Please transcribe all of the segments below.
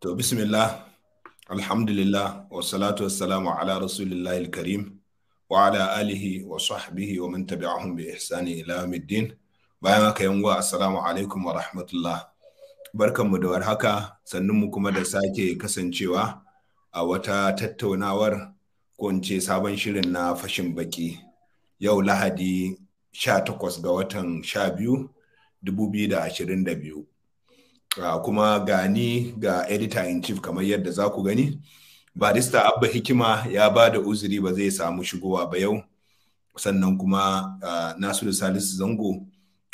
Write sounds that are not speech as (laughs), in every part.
To bismillah, alhamdulillah, wa salatu wa salamu ala rasulillahi karim wa ala alihi wa sahbihi wa man tabi'ahum bi ihsani ila middin. Bayan haka yanguwa assalamu alaikum wa rahmatullah. Barkanmu da warhaka, mu kuma da sake kasancewa a wata tattaunawar ko sabon shirin na fashin baki. Yau Lahadi 18 ga watan 12 2022. uh, kuma gani ga editor in chief kamar yadda za ku gani barista abba hikima ya ba da uzuri ba zai samu shigowa ba yau sannan kuma uh, nasiru salisu zango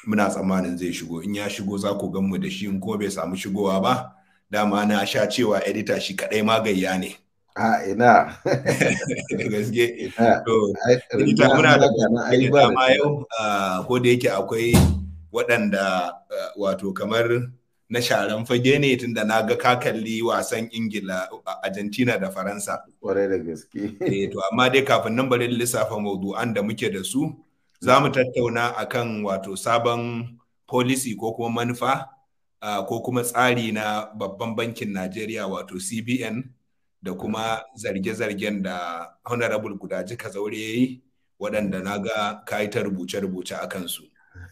muna tsammanin zai shigo in ya shigo za ku gan mu da shi in kuma bai samu shigowa ba dama na sha cewa editor shi kadai magayya ne a ina da (laughs) gaske editor muna da ma yau ah, ko da yake akwai waɗanda wato kamar na sharan fage ne tunda na ga ka kalli wasan ingila argentina da faransa kwarai da gaske eh to amma dai kafin nan bari lissafa maudu'an da muke da su za mu tattauna akan wato sabon policy ko kuma manufa uh, ko kuma tsari na babban bankin najeriya wato cbn da kuma zarge-zargen da honorable guda jika zaure ya yi waɗanda na ga ka ta rubuce-rubuce a kansu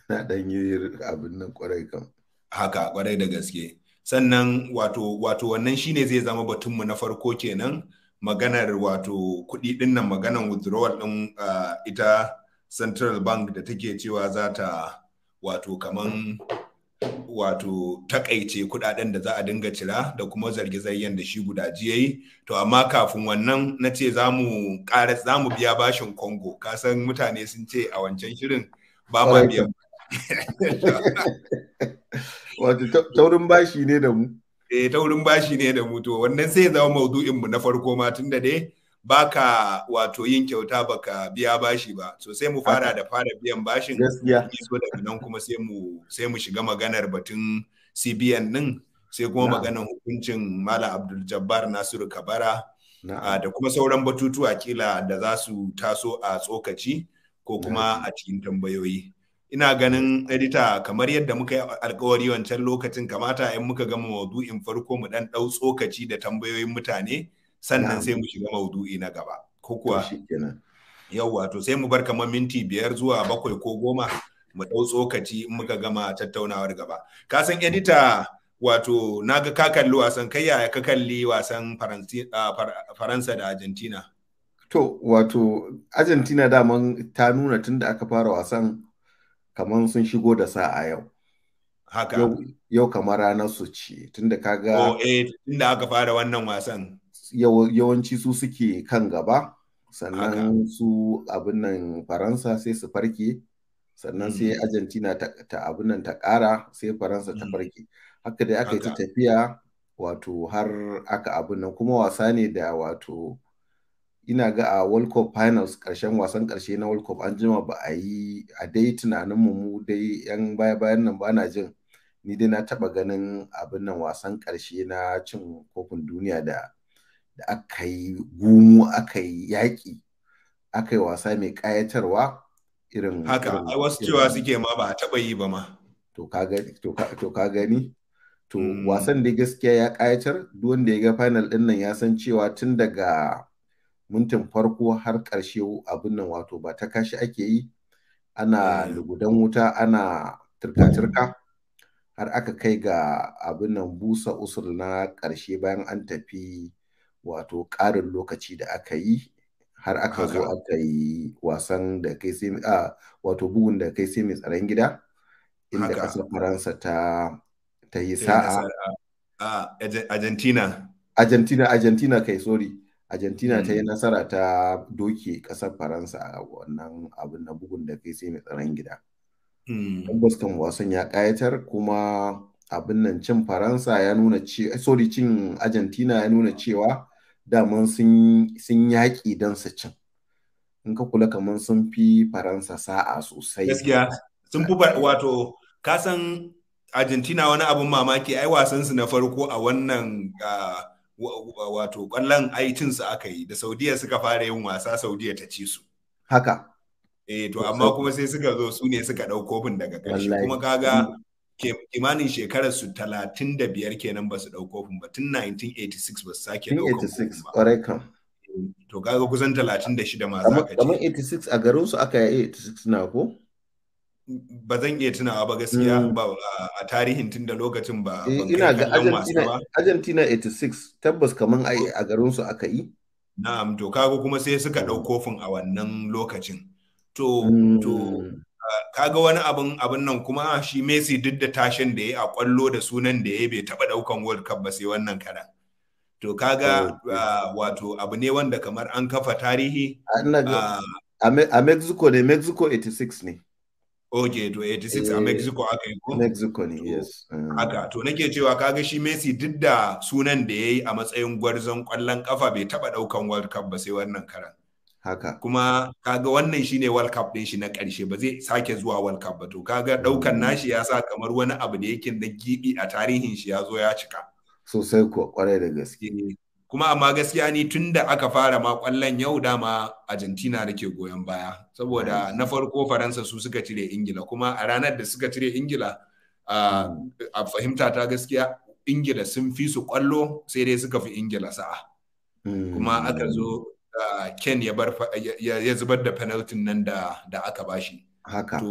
na ɗan yi abin nan kwarai kan haka kwarai da gaske sannan wato wato wannan shine zai zama batunmu na farko kenan maganar wato kuɗi dinnan maganar withdrawal din uh, ita central bank da take cewa za ta wato kaman wato takaice kuɗaɗen da za a dinga cira da kuma zarge zayyan da shi guda jiya yi to amma kafin wannan na ce za mu za mu biya bashin kongo kasan mutane sun ce a wancan shirin ba ma biya. (laughs) Wato taurin bashi ne da mu. Eh taurin bashi ne da mu to wannan sai zama maudu'in mu na farko ma tunda dai baka wato yin kyauta baka biya bashi ba so sai mu fara da fara biyan bashin gaskiya so da nan kuma sai mu shiga maganar batun CBN nin sai kuma maganar hukuncin Malam Abdul Jabbar Nasiru Kabara ah, da kuma sauran batutuwa kila da za su taso a tsokaci ko kuma a cikin tambayoyi. ina ganin edita kamar yadda muka yi alkawari wancan lokacin kamata in muka gama maudu'in farko mu dan dau tsokaci da tambayoyin mutane sannan sai mu shiga maudu'i na gaba ko kuwa yawwa to sai mu bar kamar minti biyar zuwa bakwai ko goma mu dau tsokaci in muka gama tattaunawar gaba ka san edita wato ga ka kalli wasan kai yaya ka kalli wasan faransa da argentina to wato argentina daman ta nuna tunda aka fara wasan kaman sun shigo da sa a yau haka yau kamar ranar su ce tunda kaga oh, eh tunda aka fara wannan wasan yawanci su suke kan gaba sannan su abin nan faransa sai su farke sannan mm. sai argentina ta, ta abin nan ta kara sai faransa ta mm. farke haka dai aka yi ta tafiya wato har aka abin nan kuma wasa ne da wato ina ga a World Cup Finals ƙarshen wasan ƙarshe na World Cup an jima ba a yi a dai tunanin mu mu dai yan baya bayan nan ba na jin ni dai na taba ganin abin nan wasan ƙarshe na cin kofin duniya da da aka yi gumu aka yi yaƙi aka yi wasa mai ƙayatarwa irin haka ai wasu cewa suke ma ba a taba yi ba ma to ka gani to ka gani to mm. wasan da gaskiya ya ƙayatar duk wanda ya ga final ɗin nan ya san cewa tun daga mintin farko har ƙarshe abin nan wato ba ta kashi ake yi ana eh. lugudan wuta ana turka-turka har aka kai ga abin nan busa usul na ƙarshe bayan an tafi wato ƙarin lokaci da aka yi har aka zo aka yi wasan da kai sai a wato bugun da kai sai mai tsaron gida inda ƙasar faransa ta ta yi sa'a Argentina Argentina Argentina kai sorry Argentina ta yi mm. nasara ta doke ƙasar Faransa a wannan abin na bugun da kai sai mai tsaron gida. Tabbas kan wasan ya ƙayatar kuma abin nan cin Faransa ya nuna cewa, sorry cin Argentina ya nuna cewa daman sun yaƙi don su cin. In ka kula kamar sun fi Faransa sa'a sosai. Gaskiya sun fi wato kasan Argentina wani abin mamaki ai wasansu na farko a wannan uh, wato kwallon ai su aka yi da saudiya suka fara yin wasa saudiya ta ci su haka eh to amma kuma sai suka zo su ne suka dau kofin daga ƙarshe kuma kaga kimanin shekarar su 35 kenan ba su dau kofin ba tun 1986 ba su sake dau kofin ba eh, to kaga kusan 36 ma za ka ci. kamar 86 a garin su aka yi 86 na ko ba zan iya tunawa ba gaskiya hmm. ba a tarihin tun da lokacin ba ina ga Argentina 86 tabbas kaman a garin su aka yi na'am to kaga kuma sai suka dau kofin a wannan lokacin to hmm. to kaga wani abin abin nan kuma shi Messi duk da tashin da yayi a kwallo da sunan da yayi bai taba daukan World Cup ba sai wannan karan to kaga wato abu ne wanda kamar an kafa tarihi a Mexico ne Mexico 86 ne oje to 86 a eh, Mexico aka yi ko? Mexico ne, yes. Um. Haka, to nake cewa kaga shi Messi duk da sunan da ya yi a matsayin gwarzon kwallon kafa bai taba daukan World Cup ba sai wannan karan. Haka. Kuma kaga wannan shine World Cup din shi na karshe ba zai sake zuwa World Cup ba to kaga daukan mm. nashi ya sa kamar wani abu da yake da gibi a tarihin shi ya zo ya cika. Sosai ko kwarai da gaske. Eh. kuma amma gaskiya ni tun da aka fara ma kwallon yau dama argentina da ke goyon baya saboda na farko faransa su suka cire ingila kuma a ranar da suka cire ingila a fahimta ta gaskiya ingila sun fi su kwallo sai dai suka fi ingila sa'a kuma hmm. aka zo ken ya zubar da penaltin nan da aka bashi haka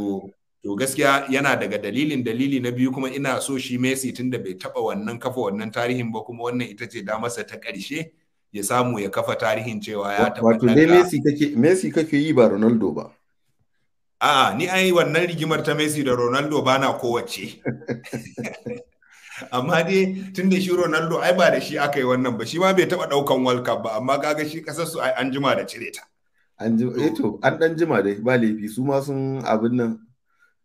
to gaskiya yana daga dalilin dalili na biyu kuma ina so shi Messi tunda bai taba wannan kafa wannan tarihin ba kuma wannan ita ce damarsa ta ƙarshe ya samu ya kafa tarihin cewa ya taba wato dai Messi kake Messi kake yi ba Ronaldo ba a'a ni ai wannan rigimar ta Messi da Ronaldo ba na kowace (laughs) amma dai tunda shi Ronaldo ai ba da shi aka yi wannan ba shi ma bai taba daukan World Cup ba amma kaga shi kasar su ai an jima da cire ta an jima eh to an dan jima dai ba laifi su ma sun abin nan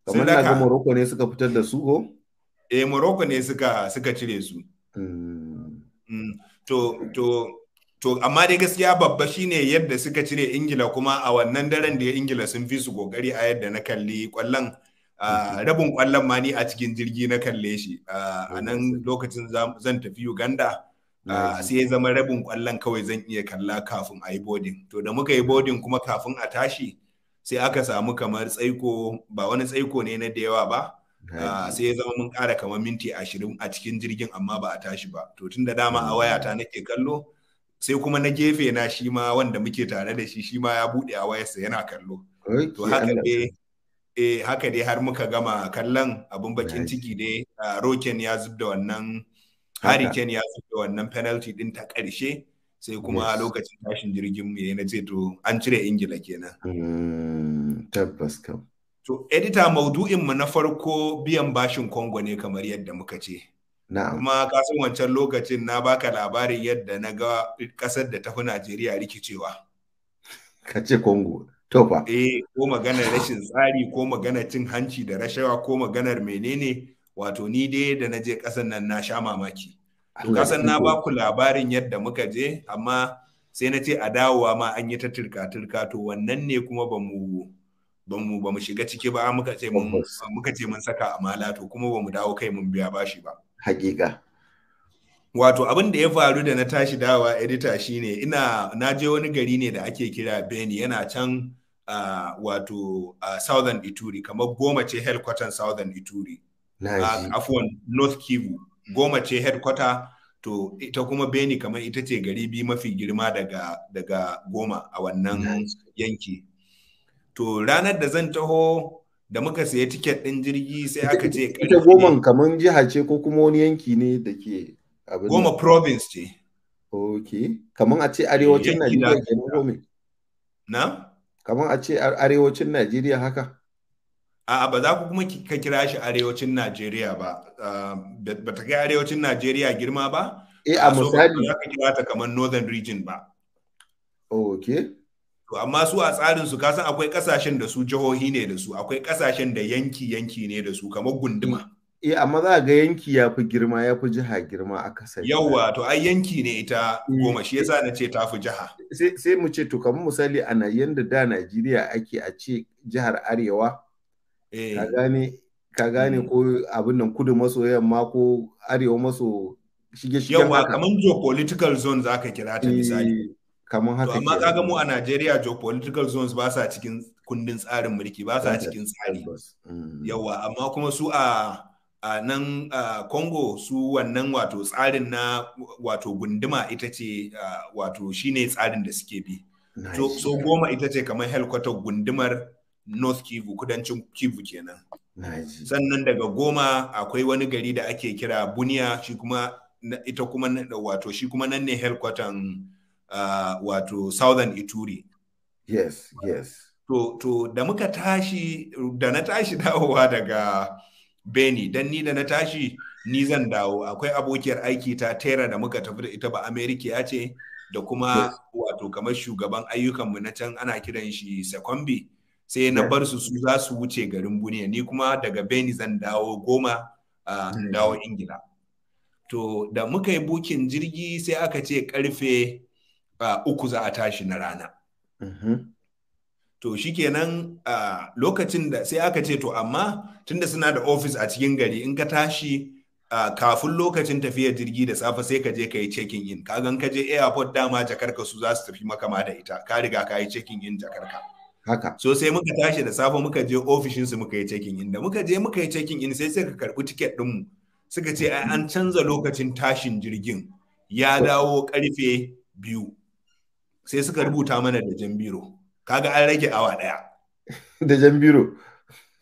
kamar na Morocco ne suka fitar da su ko eh Morocco ne suka suka cire su hmm. Hmm. to to to amma dai gaskiya babba shine yadda suka cire Ingila kuma a wannan daren da ya Ingila sun fi su gogari a yadda na kalli kwallon rabin kwallon ma ni a cikin jirgi na kalle shi a nan lokacin zan tafi Uganda sai ya zama rabin kwallon kawai zan iya kalla kafin a yi boarding to da muka yi boarding kuma kafin a tashi sai aka samu kamar tsaiko ba wani tsaiko ne na da yawa ba ah, sai ya zama mun kara kamar minti ashirin a cikin jirgin amma ba a tashi ba to tun da dama a hmm. waya ta nake kallo sai kuma na gefe na shi ma wanda muke tare da shi shi ma ya buɗe a wayarsa yana kallo to haka dai eh haka dai har muka gama kallon abun bakin ciki dai ah, roken ya zub wannan hurricane ya zubda wannan penalty din ta ƙarshe sai kuma lokacin tashin jirgin mu na ce to an cire ingila kenan hmm, tabbas kam to edita maudu'in mu na farko biyan bashin kongo ne kamar yadda muka ce kuma kasan wancan lokacin na baka labarin yadda na ga kasar da tafi najeriya rikicewa ka ce kongo to fa eh ko maganar rashin tsari ko maganar cin hanci da rashawa ko maganar menene wato ni dai da na je kasan nan na sha mamaki kasan na ba ku labarin yadda muka je amma sai na ce a dawowa ma an yi ta turka-turka to wannan ne kuma ba mu ba mu ba mu shiga ciki ba muka ce mun muka ce mun saka amala to kuma ba mu dawo kai mun biya bashi ba. Hakika. Wato abin da ya faru da na tashi dawa edita shine ina na je wani gari ne da ake kira Beni yana can uh, wato uh, Southern Ituri kamar goma ce headquarter Southern Ituri. Nice. Uh, Afwan North Kivu. goma ce headquarter to ita kuma beni kamar ita ce gari bi mafi girma daga, daga goma a wannan yanki to ranar da zan taho da muka sayi tiket ɗin jirgi sai aka ce ita goma kamar jiha ce ko kuma wani yanki ne da ke goma province ce ok kamar a ce arewacin eh, najeriya na kamar a ce arewacin najeriya haka a ba za ku kuma ka kira shi arewacin Najeriya ah, ba ba ta kai arewacin Najeriya girma ba eh a misali za ka kira ta kamar northern region ba okay to amma su a tsarin su kasan akwai kasashen da su jihohi ne da su akwai kasashen da yanki yanki ne da su kamar gunduma eh amma za ga yanki ya fi girma ya fi jiha girma a kasar yawa to ai yanki ne ita mm. goma shi yasa na ce ta fi jiha sai mu ce to kamar misali a yanda da Najeriya ake a ce jihar Arewa Eh. ka gane ka gane mm. ko abin nan kudu maso yamma ko arewa maso shige shige yawa kaman geopolitical zone za ka kira ta misali eh, kaman haka amma ga mu a Najeriya geopolitical zones ba sa cikin kundin tsarin mulki ba sa cikin tsari mm. yawa amma kuma su a a nan Congo su wannan wato tsarin na wato gunduma ita ce wato shine tsarin da suke bi so goma ita ce kamar helkwatar gundumar north kivu kudancin kivu kenan sannan daga goma akwai wani gari da ake kira buniya shi kuma ita kuma wato shi kuma nan ne helkwatan uh, wato southern ituri yes yes to, da muka tashi da na tashi (laughs) dawowa daga beni dan ni da na tashi ni zan dawo akwai abokiyar aiki ta tera da muka tafi da ita ba amerika ya ce da kuma wato kamar shugaban ayyukanmu na can ana kiran shi sekombi sai na bar su su za su wuce garin buniya ni kuma daga beni zan dawo goma a mm. dawo ingila to da muka yi bukin jirgi sai aka ce karfe uku za a tashi na rana mm-hmm. to shikenan lokacin da sai aka ce to amma tunda suna da ofis a cikin gari in ka tashi Uh, kafin lokacin tafiyar jirgi da safe sai ka je ka yi checking in kagan ka je airport dama jakarka su za su tafi makama da ita ka riga ka yi checking in jakarka haka so sai muka tashi da safe muka je ofishinsu muka yi cekin in da muka je muka yi cekin in sai ka karbi tiket din mu suka ce ai an canza lokacin tashin jirgin ya dawo karfe biyu sai suka rubuta mana da jan biro kaga an rage awa daya. (laughs) da jan biro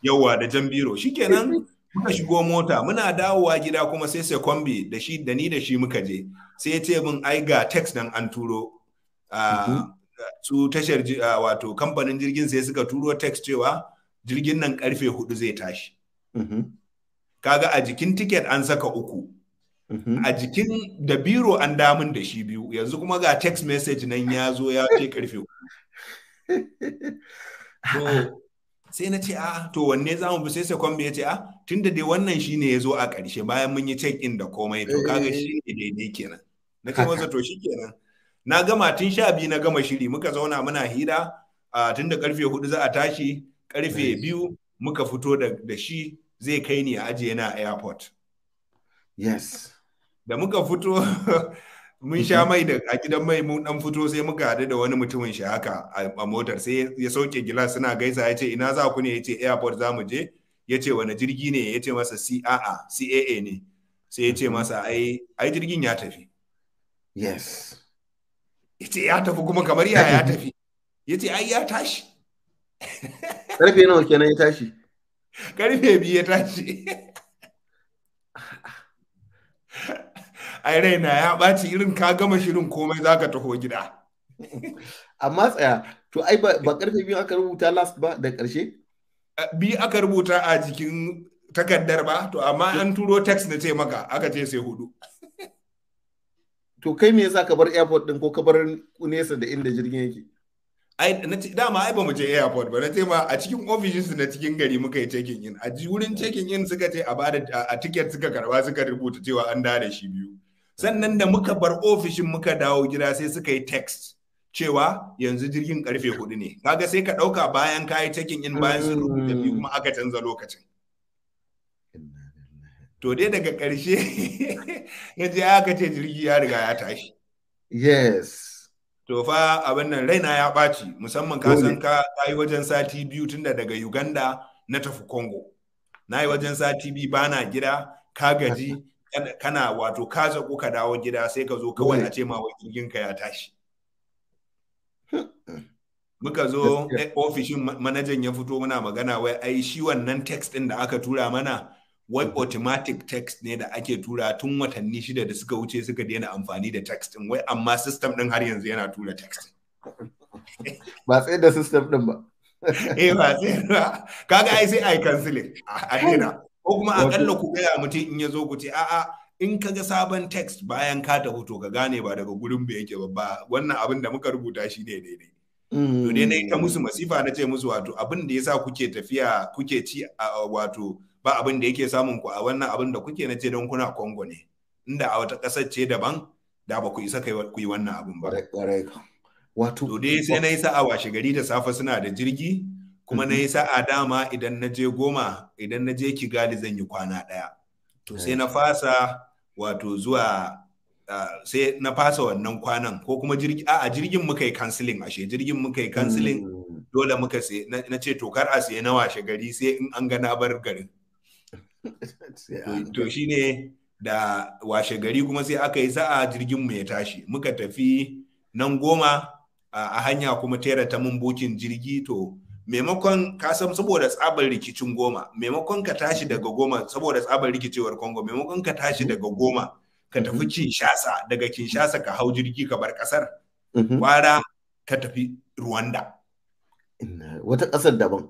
yawa da jan biro shikenan (laughs) muka shigo mota muna dawowa gida kuma sai sai kwambi da shi da ni da shi muka je sai ya ce min ai ga text nan an turo ah, mm-hmm. su tashar ah, wato kamfanin jirgin sai suka turo text cewa jirgin nan karfe hudu zai tashi mm-hmm. kaga a jikin tiket an saka uku mm-hmm. a jikin da biro an damun da shi biyu yanzu kuma ga text message nan ya zo ya ce karfe uku (laughs) sai na ce a ah, to wanne za mu bi sai kwambe ya ce a ah, tun da dai wannan shi ne ya zo a ƙarshe bayan mun yi check in da komai to kaga eh. shi ne daidai kenan na ce masa to shi kenan na gama tun sha biyu na gama shiri muka zauna muna hira uh, tun da karfe hudu za a tashi karfe biyu muka fito da shi zai kai ni a ajiye na airport yes da muka fito (laughs) mun sha mai da a gidan mai mun dan fito sai muka haɗu da wani mutumin shi haka a motar sai ya sauke gilas suna gaisa ya ce ina za ku ne ya ce airport za mu je ya ce wani jirgi ne ya ce masa CAA CAA ne sai ya ce masa ai jirgin ya tafi yes ya ce ya tafi kuma kamar yaya ya tafi ya ce ai ya tashi karfe nawa kenan ya tashi karfe biyu ya tashi ai raina ya ɓaci irin ka gama shirin komai za ka taho gida amma tsaya to ai ba karfe biyu aka rubuta last ba da ƙarshe bi aka rubuta a jikin takardar ba to amma an turo text na ce maka aka ce sai hudu to kai me yasa ka bar airport din ko ka bar nesa da inda jirgin yake ai dama ai mu je airport ba na ce ma a cikin ofishinsu na cikin gari muka yi checking in a wurin checking in suka ce a bada a ticket suka karba suka rubuta cewa an da shi biyu sannan da muka bar ofishin muka dawo gida sai suka yi text cewa yanzu jirgin karfe hudu ne kaga sai ka ɗauka bayan ka yi checking in bayan sun rubuta biyu kuma aka canza lokacin to dai daga ƙarshe (laughs) ya je aka ce jirgi ya riga ya tashi yes to fa abin nan raina ya ɓaci musamman ka san ka yi wajen sati biyu tunda daga uganda na tafi congo na yi wajen sati biyu bana gida ka gaji kana wato ka zaƙo ka dawo gida sai ka zo kawai a ce ma wai ka ya tashi hmm. muka zo ofishin manajan ya fito muna magana wai ai shi wannan text ɗin da aka tura mana wai automatic text ne da ake tura tun watanni shida da suka wuce suka daina amfani da text din wai amma system din har yanzu yana tura text (laughs) ba sai da system din ba (laughs) eh ba sai Ka kaga ai sai ai cancel a daina ko kuma akalla ku gaya mutum in yazo ku ce a'a in ka ga sabon text bayan ka ta hoto ka gane ba daga gurin ba yake ba wannan abin da muka rubuta shi ne daidai to ne na ta mm. musu masifa na ce musu wato abin da ya sa kuke tafiya kuke ci wato ba abin da yake samun ku a wannan abin da kuke na ce don kuna Congo ne inda a wata ƙasar ce daban da ba ku isa kai ku yi wannan abin ba wato to dai sai na yi sa'a washe gari da safe suna da jirgi kuma na yi mhm. sa'a dama idan na je goma idan na je kigali zan yi kwana ɗaya to sai na fasa wato zuwa Uh, sai na fasa wannan kwanan ko kuma jirgi a jirgin muka yi kansilin ashe jirgin muka yi kansilin mm. dole muka sai na ce to kar a sai na washe gari sai in an ga na bar garin to shine da washe gari kuma sai aka yi sa'a jirgin mu ya tashi muka tafi nan goma a hanya kuma tera ta mun bukin jirgi to maimakon ka san saboda tsabar rikicin goma maimakon ka tashi daga goma saboda tsabar rikicewar kongo maimakon ka tashi daga goma ka tafi mm-hmm. kinshasa daga kinshasa ka hau jirgi ka bar kasar kwara mm-hmm. ka tafi rwanda wata kasar daban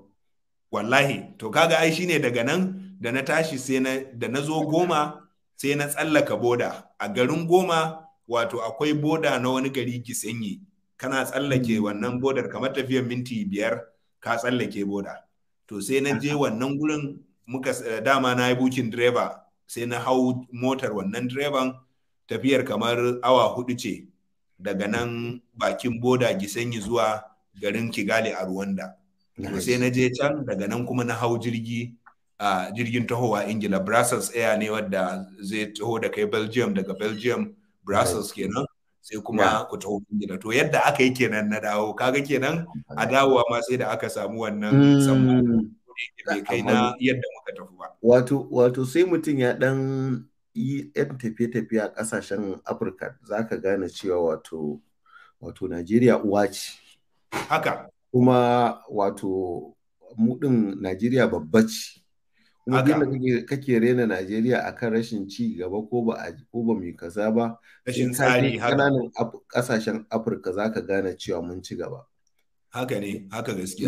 wallahi to kaga ai shine daga nan da na tashi sai na da na zo goma sai na tsallaka boda a garin goma wato akwai boda na wani gari kisanyi kana tsallake mm. wannan bodar kamar tafiyar minti biyar ka tsallake boda to sai na je wannan gurin muka eh, dama na yi bukin direba sai na hau motar wannan direban tafiyar kamar awa hudu ce daga nan bakin boda gisanyi zuwa garin kigali a ruwanda sai na je can daga nan kuma na hau jirgi a jirgin tahowa ingila brussels air ne wadda zai taho da kai belgium daga belgium brussels kenan sai kuma ku taho ingila to yadda aka yi kenan na dawo kaga kenan a dawowa ma sai da aka samu wannan hmm. samu kai na yadda muka tafi ba wato wato sai mutum ya dan yi yan tafiye-tafiye a kasashen afirka za ka gane cewa wato wato najeriya uwa ce haka kuma wato mu najeriya babba ce kuma gina kake rena Najeriya akan rashin ci gaba ko ba ko ba mu kaza ba rashin tsari kananan kasashen Afirka zaka gane cewa mun ci gaba haka ne haka gaskiya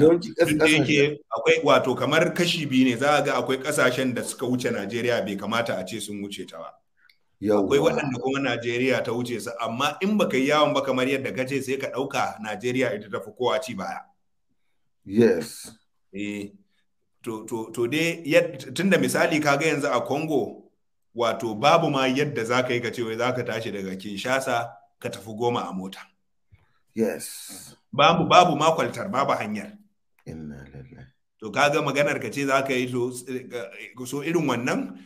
yake akwai wato kamar kashi biyu ne za a ga akwai kasashen da suka wuce Najeriya bai kamata a ce sun wuce ta ba akwai waɗanda kuma Najeriya ta wuce su amma in baka yi yawon ba kamar yadda ka ce sai ka ɗauka Najeriya ita ta fi kowa ci baya yes eh to dai tunda misali kaga yanzu a Congo wato babu ma yadda za ka yi ka cewa za ka tashi daga Kinshasa ka tafi goma a mota. Yes. Babu babu ma kwaltar babu hanyar. Inna To kaga maganar ka ce za ka yi so irin wannan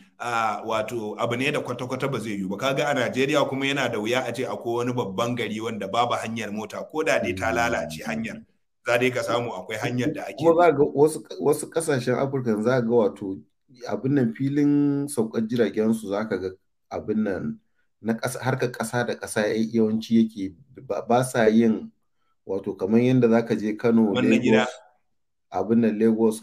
wato abu ne da kwata-kwata ba zai yi ba kaga a Najeriya kuma yana da wuya a ce akwai wani babban gari wanda babu hanyar mota ko da dai ta lalace hanyar. za dai ka samu akwai hanyar da ake kuma ga wasu wasu kasashen afirka za ga wato abin nan filin saukar jiragen su za ka ga abin nan na harkar ƙasa da ƙasa yawanci yake ba sa yin wato kamar yadda za ka je kano abin nan lagos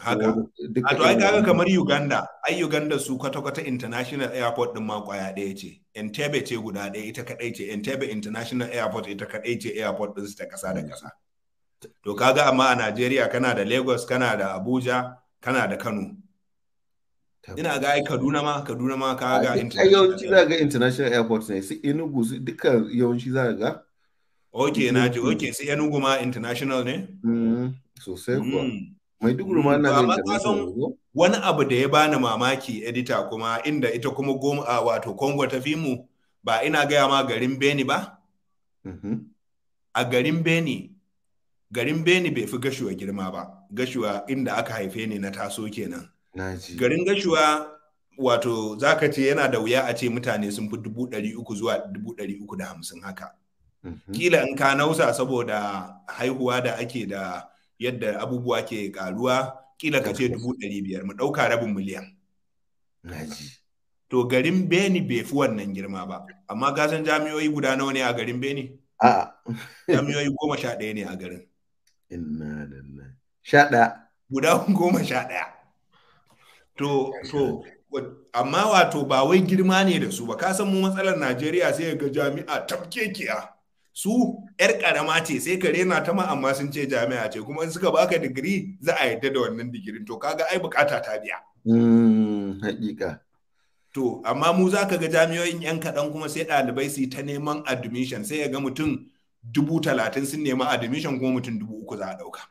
duk a to ai kaga kamar uganda ai uganda su kwata-kwata international airport din ma kwaya ɗaya ce entebbe ce guda ɗaya ita kadai ce entebbe international airport ita kadai ce airport su ta ƙasa da ƙasa to kaga amma a Najeriya kana da Lagos kana da Abuja kana da Kano ina ga ai Kaduna ma Kaduna ma ka ga yawanci za ga international airport ne su Enugu su dukkan yawanci za ga okay na ji okay su Enugu ma international ne mm-hmm. sosai kuwa Mai mm. Maiduguri ma mm, na international wani abu da ya bani mamaki edita kuma inda ita kuma goma wato Congo ta fi mu ba ina gaya ma garin Beni ba mm-hmm. a garin Beni garin beni bai fi gashuwa girma ba gashuwa inda aka haife ni na taso kenan garin gashuwa wato zaka ce yana da wuya a ce mutane sun fi dubu ɗari uku zuwa dubu ɗari uku da hamsin haka mhm. kila in ka nausa saboda haihuwa da ake da yadda abubuwa ke karuwa kila ka ce dubu ɗari biyar mu ɗauka rabin miliyan to garin beni bai fi wannan girma ba amma gasan jami'oyi guda nawa ne a garin beni a'a Jami'oyi goma sha ɗaya ne a garin inna lillahi sha guda goma sha ɗaya to to amma wato ba wai girma ne da su ba ka san mu matsalar Najeriya sai ga jami'a kiya. su yar ƙarama ce sai ka rena ta ma amma sun ce jami'a ce kuma in suka baka digiri za a yadda da wannan digirin to kaga ai bukata ta biya hmm, hakika to amma mu za ka ga jami'o'in yan kaɗan kuma sai ɗalibai su ta neman admission sai ya ga mutum dubu talatin sun nemi admission kuma mutum dubu uku za a ɗauka.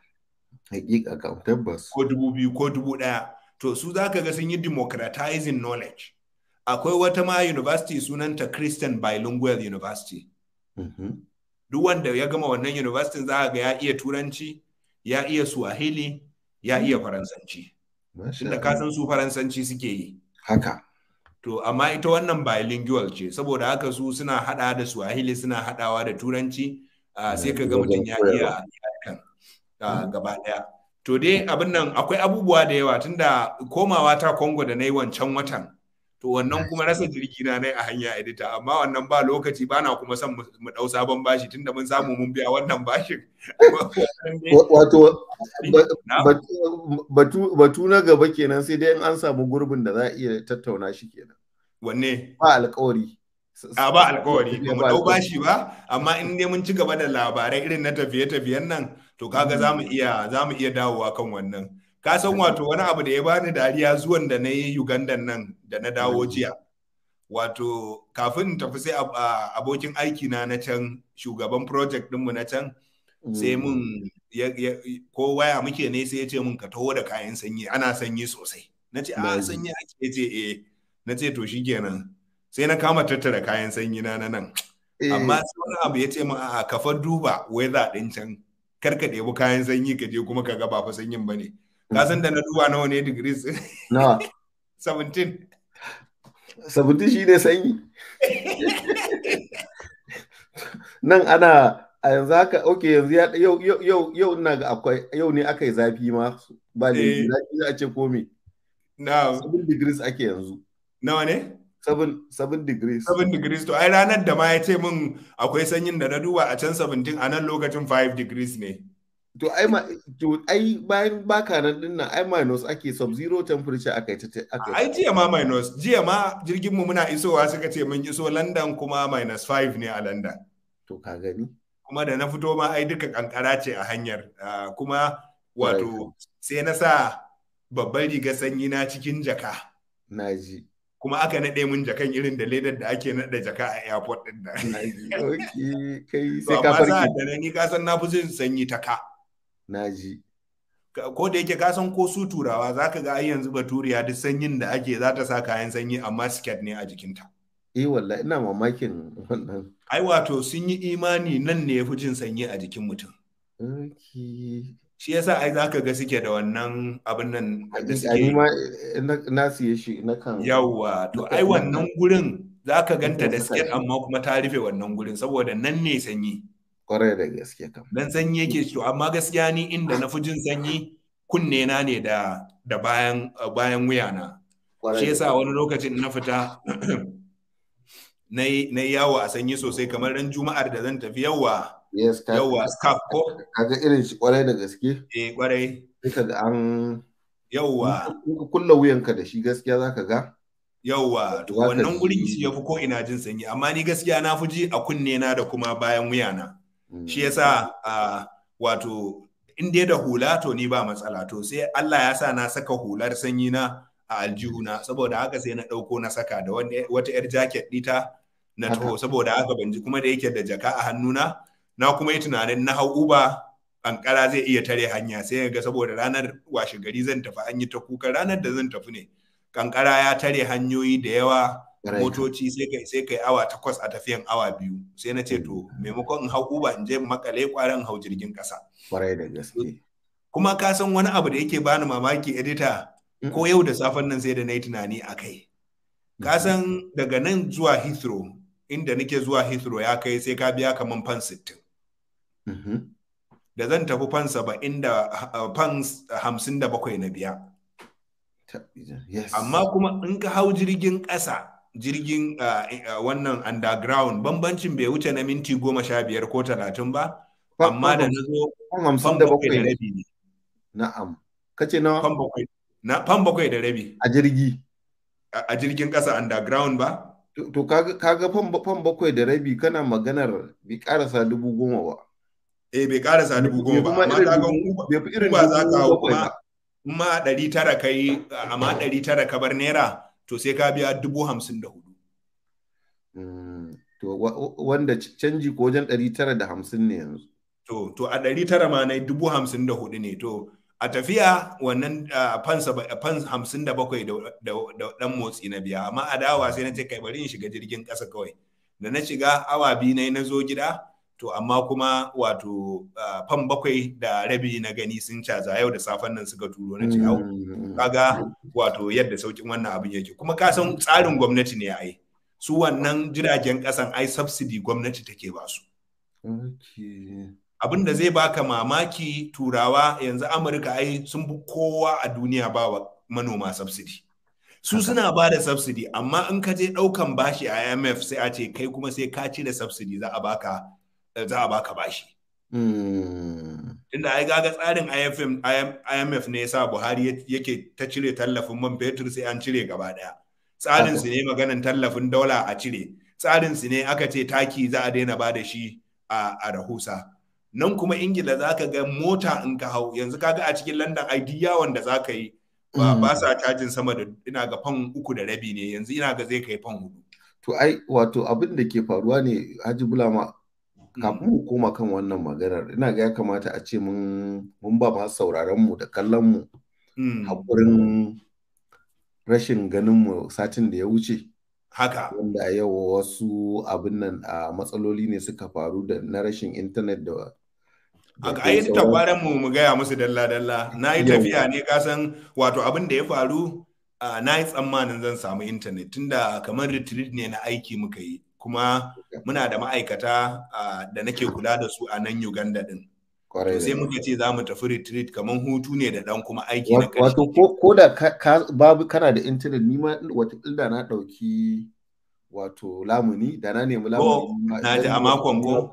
Hakika kam tabbas. Ko dubu biyu ko dubu ɗaya. To su za ka ga sun yi democratizing knowledge. Akwai wata ma university sunanta Christian Bilingual University. Mhm. Duk wanda ya gama wannan university za ga ya iya turanci, ya iya Swahili, ya iya mm. Faransanci. Tunda ka san su Faransanci suke yi. Haka. To, amma ita wannan bilingual ce, saboda haka su suna haɗa da Swahili suna haɗawa da Turanci, mm, sai ka ga mutum ya iya kan mm. gaba daya. To dai abin nan akwai abubuwa da yawa tunda komawa ta Congo da na yi wancan watan. to wannan kuma rasa jirgi na nai a hanya edita amma wannan ba lokaci ba na kuma son mu dau sabon bashi tunda mun samu mun biya wannan bashin wato (laughs) batu na gaba kenan sai dai an samu gurbin da za a iya tattauna shi kenan wanne ba alƙawari a ba alƙawari ba mu dau bashi ba amma in dai mun ci gaba da labarai irin na tafiye-tafiyen nan to kaga mm. za mu iya dawowa kan wannan ka san wato wani abu da ya bani dariya zuwan da na yi Uganda nan da na dawo mm. jiya wato kafin in tafi sai abokin aiki na na can shugaban project dinmu na can sai mm. mun ko waya muke ne sai ya ce mun ka taho da kayan sanyi ana sanyi sosai na ce a sanyi a ce eh na ce to shikenan sai na kama tattara kayan sanyi na nan eh. amma sai wani abu ya ce ma a kafa duba weather din can kar ka ɗebi kayan sanyi ka je kuma ka ga ba fa sanyin bane ka san da na duba nawa ne degrees na 17 17 shi ne sanyi nan ana a yanzu haka ok yanzu ya yau yau yau ina ga akwai yau ne aka yi zafi ma ba ne eh. zafi za a ce ko me na 7 degrees ake yanzu nawa ne 7 degrees 7 degrees to ai ranar da ma ya ce min akwai sanyin da na duba a can 17 a nan lokacin 5 degrees ne To ai ma to ai bayan baka nan din nan ai minus ake sub zero temperature akai ta akai Ai jiya ma minus jiya ma jirgin mu muna isowa suka ce mun iso London kuma minus 5 ne a London. To ka gani? Kuma da na fito ma ai duka kankara ce a hanyar kuma wato sai na sa babban riga sanyi na cikin jaka. Na ji. kuma aka naɗe mun jakan irin da ledar da ake nade jaka a airport ɗin nan. Kai (laughs) sai ka farki. Amma sa da ni ka san na fi sanyi ta ka. na ji ko da yake kasan ko su turawa za ka ga yanzu baturiya duk sanyin da ake za ta sa kayan sanyi amma siket ne a jikinta eh wallahi ina mamakin wannan ai wato sun yi imani nan ne ya fi jin sanyi a jikin mutum shi yasa ai za ka ga suke da wannan abin nan da suke eh, na siye shi na kan yawa to ai wannan gurin za ka ganta da siket amma kuma ta rufe wannan gurin saboda nan ne sanyi Kwarai da gaske kam. Dan sanyi yake to amma gaskiya ni inda na fi jin sanyi kunne na ne da da bayan bayan wuya na. Shi yasa wani lokacin na fita (clears throat) na yi yawo a sanyi sosai kamar ran juma'ar da zan tafi yawa yawa scaf ko kaga irin shi kwarai da gaske eh kwarai duka da an yawa kulla wuyanka da shi gaskiya zaka ga yawa to wannan gurin shi yafi ko ina jin sanyi amma ni gaskiya na fi ji a kunne na da kuma bayan wuyana shi yasa sa wato in dai da hula to ni ba matsala to sai Allah ya sa na saka hular sanyi na a aljihuna saboda haka sai na ɗauko na saka da wata 'yar jaket dita na taho saboda haka ban ji kuma da yake da jaka a hannuna na kuma yi tunanin na hau uba kankara zai iya tare hanya sai ga saboda ranar washe gari zan tafi an yi ta kuka ranar da zan tafi ne kankara ya tare hanyoyi da yawa motoci sai kai sai kai awa takwas a tafiyan awa biyu sai na ce to mm. maimakon in hau uba in je makale kwaran hau jirgin kasa kwarai da gaske kuma ka san wani abu da yake bani mamaki edita mm. ko yau da safen nan sai da nayi tunani akai ka mm. san daga nan zuwa Heathrow inda nake zuwa Heathrow ya kai sai ka biya kaman fan 60 mm-hmm. da zan tafi fan 70 da fan 57 na biya amma kuma in ka hau jirgin ƙasa jirgin wannan underground bambancin bai wuce na minti goma sha biyar ko talatin ba amma da na zo fan bakwai da rabi ne na'am kace na fan bakwai na fan bakwai da rabi a jirgi a jirgin kasa underground ba to kaga fan bakwai da rabi kana maganar bai karasa dubu goma ba eh bai karasa dubu goma ba amma kaga ba za ka hau kuma ma ɗari tara kai amma ɗari tara ka bar naira to sai ka biya dubu hamsin da hudu. Mm, to wanda canji ko wajen ɗari tara da hamsin ne yanzu. To to a ɗari tara ma na dubu hamsin da hudu ne to a tafiya wannan fansa hamsin da bakwai da ɗan motsi na biya amma a dawa sai na ce kai bari in shiga jirgin ƙasa kawai da na shiga awa biyu na na zo gida to amma kuma wato fan bakwai da rabi na gani sun caza yau da safen nan suka turo na ce mm. kaga wato yadda saukin wannan abin yake kuma ka san tsarin gwamnati ne ai su wannan jiragen kasan ai subsidy gwamnati take ba su abin da zai baka mamaki turawa yanzu amurka ai sun bi kowa a duniya ba wa manoma subsidy su suna ba da subsidy amma in ka je daukan bashi a imf sai a ce kai kuma sai ka cire subsidy za a baka za a baka bashi. Hmm. Tunda ai gaga tsarin IMF ne yasa Buhari yake ta cire tallafin man fetur sai an cire gaba ɗaya. Tsarin su ne maganan tallafin dola a cire. Tsarin su ne aka ce taki za a daina ba da shi a rahusa. Nan kuma Ingila za ka ga mota in ka hau yanzu ka ga a cikin London ID yawon da za ka yi hmm. ba sa cajin sama da ina ga fan uku da rabi ne yanzu ina ga zai kai fan hudu. To ai wato abin da ke faruwa ne Haji Bulama kafin mu koma kan wannan maganar ina ga ya kamata a ce mun mun ba ma sauraron mu da kallon mu hmm. hakurin rashin ganin mu satin da ya wuce haka wanda a yau wasu abin nan a matsaloli ne suka faru da na rashin intanet da haka ai tabaran mu mu gaya musu dalla dalla na yi tafiya ne kasan wato abin da ya faru na yi tsammanin zan samu intanet tunda kamar retreat ne na aiki muka yi kuma muna da ma'aikata da nake kula da su a nan Uganda din. Kwarai sai muka ce za mu tafi retreat kamar hutu ne da dan kuma aiki na ƙarshe. Wato ko da babu kana da intanet ni ma wataƙil da na ɗauki wato lamuni da na nemi oh, lamuni. Na ji a makon ko.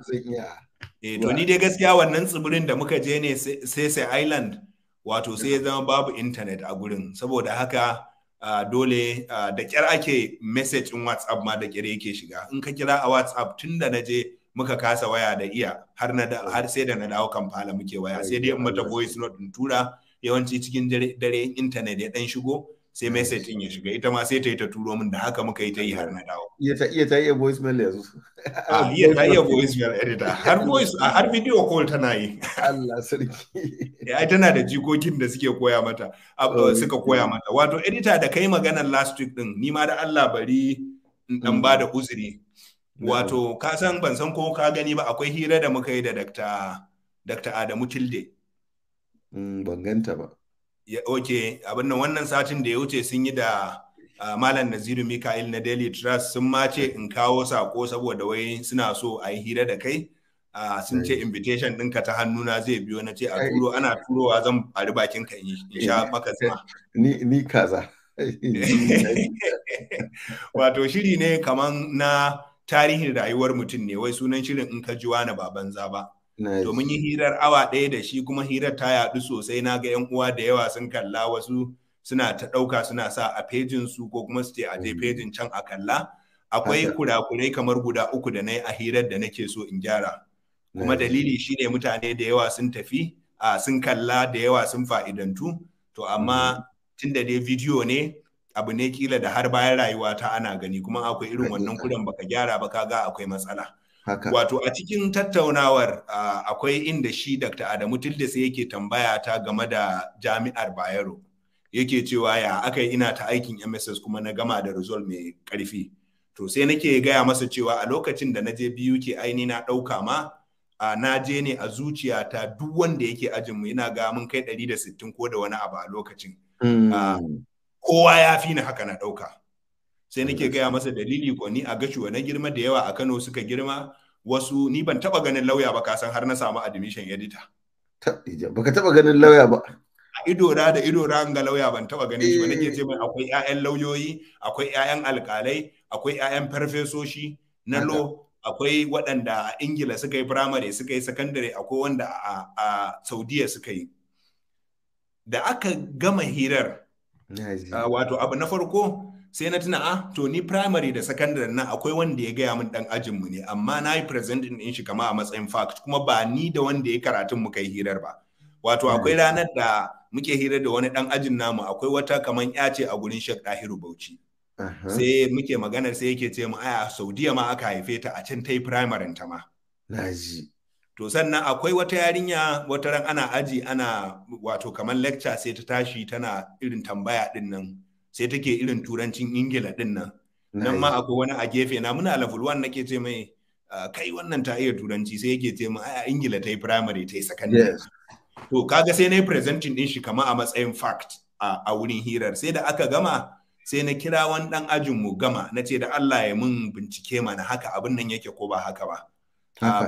Eh to ni dai gaskiya wannan tsibirin da muka je ne sai sai island wato sai ya zama babu intanet a gurin saboda haka dole da kyar ake message in whatsapp ma da kyar yake shiga in ka kira a whatsapp tun da na je muka kasa waya da iya har na da har sai da na dawo kamfala muke waya sai dai in mata voice note in tura yawanci cikin dare internet ya dan shigo sai message setin ya shiga ita ma sai ta yi ta turo min da haka muka yi ta yi har na dawo iya ta iya ta iya mail yanzu a (laughs) ah, iya ta iya mail editor har voice har video call tana yi (laughs) Allah sarki eh, ai tana da jikokin da suke koya mata oh, suka koya mata wato editor da kai maganar last week din ni ma da Allah bari in dan mm. ba da uzuri wato ka san ban san ko ka gani ba akwai hira da muka yi da Dr. Dr. Adamu Tilde mm, ban ganta ba ya oke abin nan wannan satin da ya wuce sun yi da malam naziru mika'il na daily trust sun mace in kawo sako saboda wai suna so a yi hira da kai sun ce invitation ɗinka ta hannuna zai biyo na ce a turo ana turowa zan bari bakin ka in sha eh, maka zama (laughs) ni kaza (laughs) wato shiri ne kaman na tarihin rayuwar mutum ne wai sunan shirin in ka ji wani ba banza ba To mun yi hirar awa ɗaya da shi kuma hirar ta yaɗu sosai na ga 'yan uwa da yawa sun kalla wasu suna ta ɗauka suna sa a pejin su ko kuma su ce a je mm. pejin can a kalla. Akwai kurakurai kamar guda uku da na a hirar da nake so in gyara. Kuma dalili shine mutane da yawa sun tafi, a sun kalla da yawa sun fa'idantu. To amma mm. tun da dai bidiyo ne abu ne kila da har bayan rayuwa ta ana gani kuma akwai irin wannan kudan baka gyara ba ka ga akwai matsala. Wato a cikin tattaunawar uh, akwai inda shi Dr. Adamu Tildes yake tambaya ta game da jami'ar Bayero. Yake cewa ya aka yi ina ta aikin MSS kuma na gama da rizol mai karfi. To sai nake gaya masa cewa a lokacin da na je ke aini na ɗauka ma a na je ne a zuciya ta duk wanda yake ajinmu yana ga mun kai ɗari da sittin ko da wani abu a lokacin. Hmm. Kowa ya fi ni haka na ɗauka. sai nake gaya masa dalili ko ni a gashuwa na girma da yawa a Kano suka girma wasu ni ban taba ganin lauya ba kasan har na samu admission editor baka taba ganin lauya ba a idora da idora ra ga lauya ban taba ganin shi ba eh. nake ce mai akwai ƴaƴan lauyoyi akwai ƴaƴan alƙalai akwai ƴaƴan farfesoshi na lo akwai waɗanda a ingila suka yi primary suka yi secondary akwai wanda a, a saudiya suka yi da aka gama hirar wato abu na farko sai na tuna a ah, to ni primary da secondary nan akwai wanda ya gaya min dan ajinmu ne amma na yi presenting din shi kama a matsayin fact kuma ba ni da wanda ya karatun mu kai hirar ba wato hmm. akwai ranar da muke hirar da wani dan ajin namu akwai wata kaman ya ce a gurin Sheikh Dahiru Bauchi sai muke maganar sai yake ce mu aya Saudiya ma aka haife ta a can tai primary ta ma naji to sannan akwai wata yarinya wata ran ana aji ana wato kaman lecture sai ta tashi tana irin tambaya din nan sai take irin turancin ingila din nan nan ma akwai wani a gefe na muna level 1 nake ce mai ah, kai wannan ta iya turanci sai yake ce mai a ingila ta yi primary ta yi secondary to kaga sai na yi presenting din shi kama a matsayin fact a wurin hirar sai da aka gama sai na kira wani dan ajin mu gama na ce da Allah ya mun bincike mana haka abin nan yake ko ba haka ba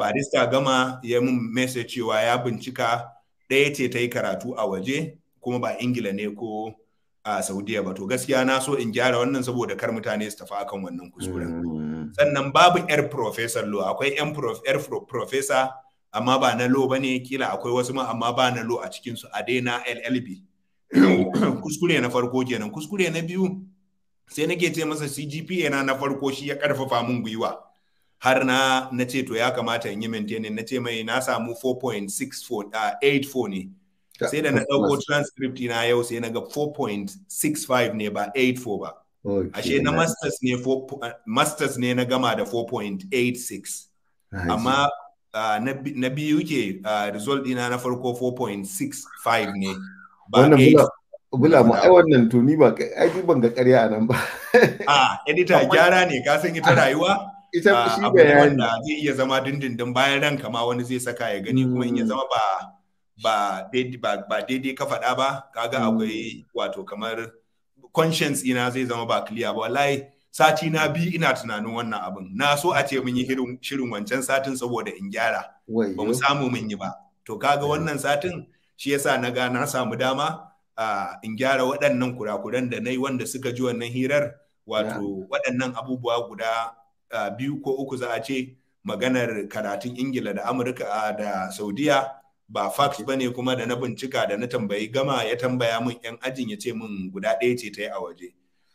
barista gama ya mun message cewa ya bincika ɗaya ce ta yi karatu a waje kuma ba ingila ne ko a saudiya ba to gaskiya na so in gyara wannan saboda kar mutane su tafi akan wannan kuskuren mm. sannan babu yar professor lo akwai yan yar professor amma ba na lo bane kila akwai wasu ma amma ba na lo a cikin su a daina llb (coughs) kuskure na farko kenan kuskure na biyu sai nake ce masa cgpa na na farko shi ya karfafa mun gwiwa har na na ce to ya kamata in yi maintaining na ce mai na samu 84 ah, ne sai da na ɗauko transcript na yau sai na ga 4.65 ne ba 84 ba ashe na masters ne uh, masters ne na gama da 4.86 amma uh, na biyu ke uh, result ɗina na farko 4.65 ne ba bula mu ai wannan tuni ba ba ai ban ga ƙarya a nan ba (laughs) ah, edita gyara ne ka san ita rayuwa (laughs) ita ah, shi bayani wanda zai iya zama dindindin bayan ranka ma wani zai saka ya gani kuma in ya hmm. zama ba ba daidai ka faɗa ba kaga hmm. akwai wato kamar conscience ina zai zama ba clear ba wallahi sati na bi ina tunanin wannan abin na so a ce mun yi shirin wancan satin saboda in gyara ba mu samu mun yi ba to kaga hmm. wannan satin shi yasa na ga na samu dama in gyara waɗannan kurakuran da na yi wanda suka ji wannan hirar wato waɗannan abubuwa guda biyu ko uku za a ce maganar karatun ingila da amurka da saudiya ba fax ba ne kuma da na bincika da na tambayi gama ya tambaya mun yan ajin ya ce mun guda ɗaya ce ta yi a waje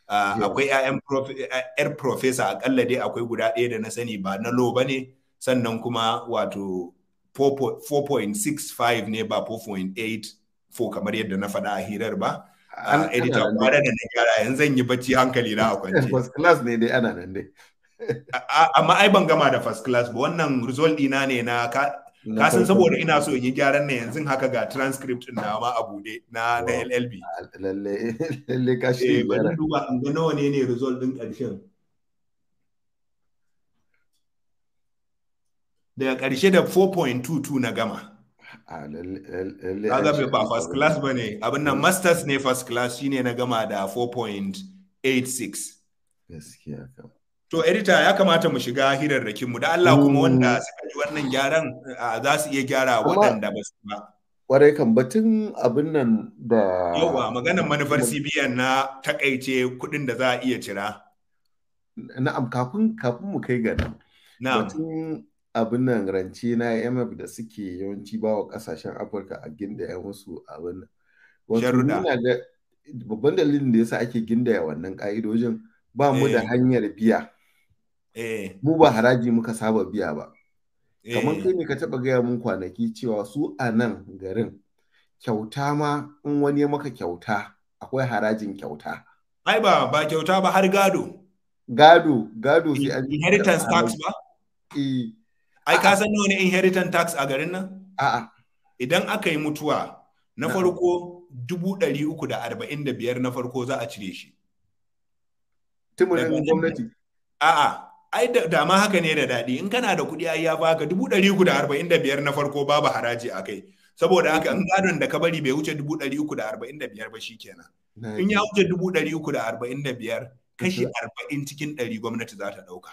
ah, akwai yar professor akalla dai akwai guda ɗaya da na sani ba na low ba ne sannan kuma wato 4.65 ne ba 4.84 kamar yadda na faɗa a hirar ba ah, edita kuma da na gyara yanzu zan yi bacci hankali na a kwance (laughs) first class ne dai ana nan dai amma ai ban gama da first class ba wannan result ɗina ne na kasan saboda ina so in yi gyaran na yanzu haka ga transcript na ma a bude na LLB ah, lalle (laughs) lalle ka eh, shi bari duba in ga nawa ne ne result din karshen daga karshe da 4.22 na gama ah, kaga ba first class ba ne abin nan eh. masters ne first class shine na gama da 4.86 gaskiya kawai To edita ya kamata mu shiga hirarrakin mu da Allah kuma mm. wanda suka ji wannan gyaran za su iya gyara waɗanda ba su ba. Kwarai kan batun abin nan da Yawa maganar manufar CBN na takaice kuɗin da za a iya cira. Na'am kafin kafin mu kai ga nan. Na'am. Batun abin nan rance na IMF da suke yawanci bawa kasashen Afirka a gindaya musu abin nan. Sharuɗa. Babban dalilin da yasa ake gindaya wannan ka'idojin ba mu da eh. hanyar biya. Eh. mu ba haraji muka saba biya ba kamar eh. kai ne ka taba gaya mun kwanaki cewa su a nan garin kyauta ma in wani ya maka kyauta akwai harajin kyauta ai ba ba kyauta ba har gado gado gado sai an inheritance tax ba eh ai ka san nawa ne inheritance tax a garin nan a'a idan aka yi mutuwa na farko dubu ɗari uku da arba'in da biyar na farko za a cire shi tumurin gwamnati a'a ai da ma haka ne da daɗi in kana da kuɗi ai ya baka dubu ɗari uku da arba'in da biyar na farko babu haraji a kai saboda haka in gadon da ka bari bai wuce dubu ɗari uku da arba'in da biyar ba shi kenan in ya wuce dubu ɗari uku da arba'in da biyar kashi arba'in cikin ɗari gwamnati za ta ɗauka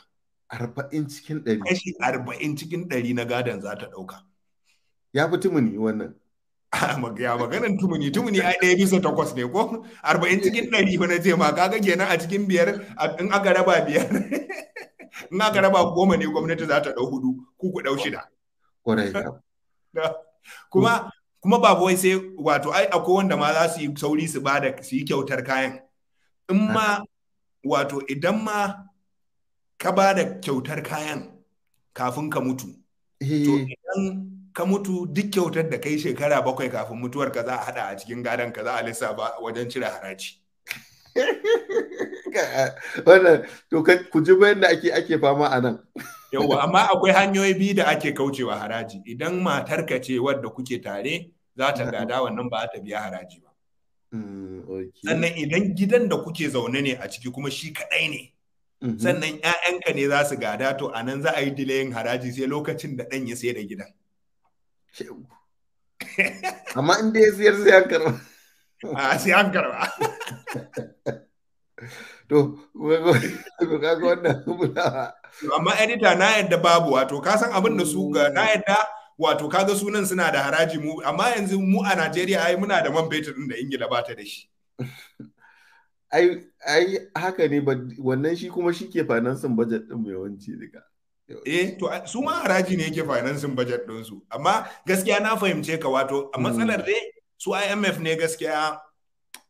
arba'in cikin ɗari kashi arba'in cikin ɗari na gadon za ta ɗauka ya fi tumuni wannan ah, ya maganan tumuni tumuni a ɗaya bisa takwas ne ko arba'in cikin ɗari wani ce ma kaga kenan a cikin biyar in aka raba biyar (laughs) na ka raba goma ne gwamnati za ta ɗau hudu ku ku ɗau shida (laughs) kuma kuma ba wai sai wato ai akwai wanda ma za su yi sauri su ba da su yi kyautar kayan in ma wato idan ma ka ba da kyautar kayan kafin ka mutu to eh. idan ka mutu duk kyautar da kai shekara bakwai kafin mutuwar ka za a hada a cikin gadon ka za a lissa ba wajen cire haraji (laughs) wannan to ku ji bayan da ake ake fama a nan yawa amma akwai hanyoyi biyu da ake kaucewa haraji idan matarka ce wadda kuke tare za ta mm. gada wannan ba ta biya haraji ba mm, sannan idan gidan da kuke zaune ne a ciki kuma shi kaɗai ne mm-hmm. sannan ƴaƴanka ne za su gada to a nan za a yi dilayin haraji sai lokacin da ɗan ya sai da gidan amma in dai siyar sai an karba a (laughs) ah, sai an karba (laughs) (laughs) (laughs) to amma edita na yadda babu wato ka san abin da su mm. ga na yadda wato kaga sunan suna da haraji mu amma yanzu mu a Najeriya ai muna da man fetur din da Ingila ba ta da shi (laughs) ai ai haka ne ba wannan shi kuma shi ke financing budget din mai wanci daga eh to su ma haraji ne yake financing budget din su amma gaskiya na fahimce ka wato a mm. matsalar dai su IMF ne gaskiya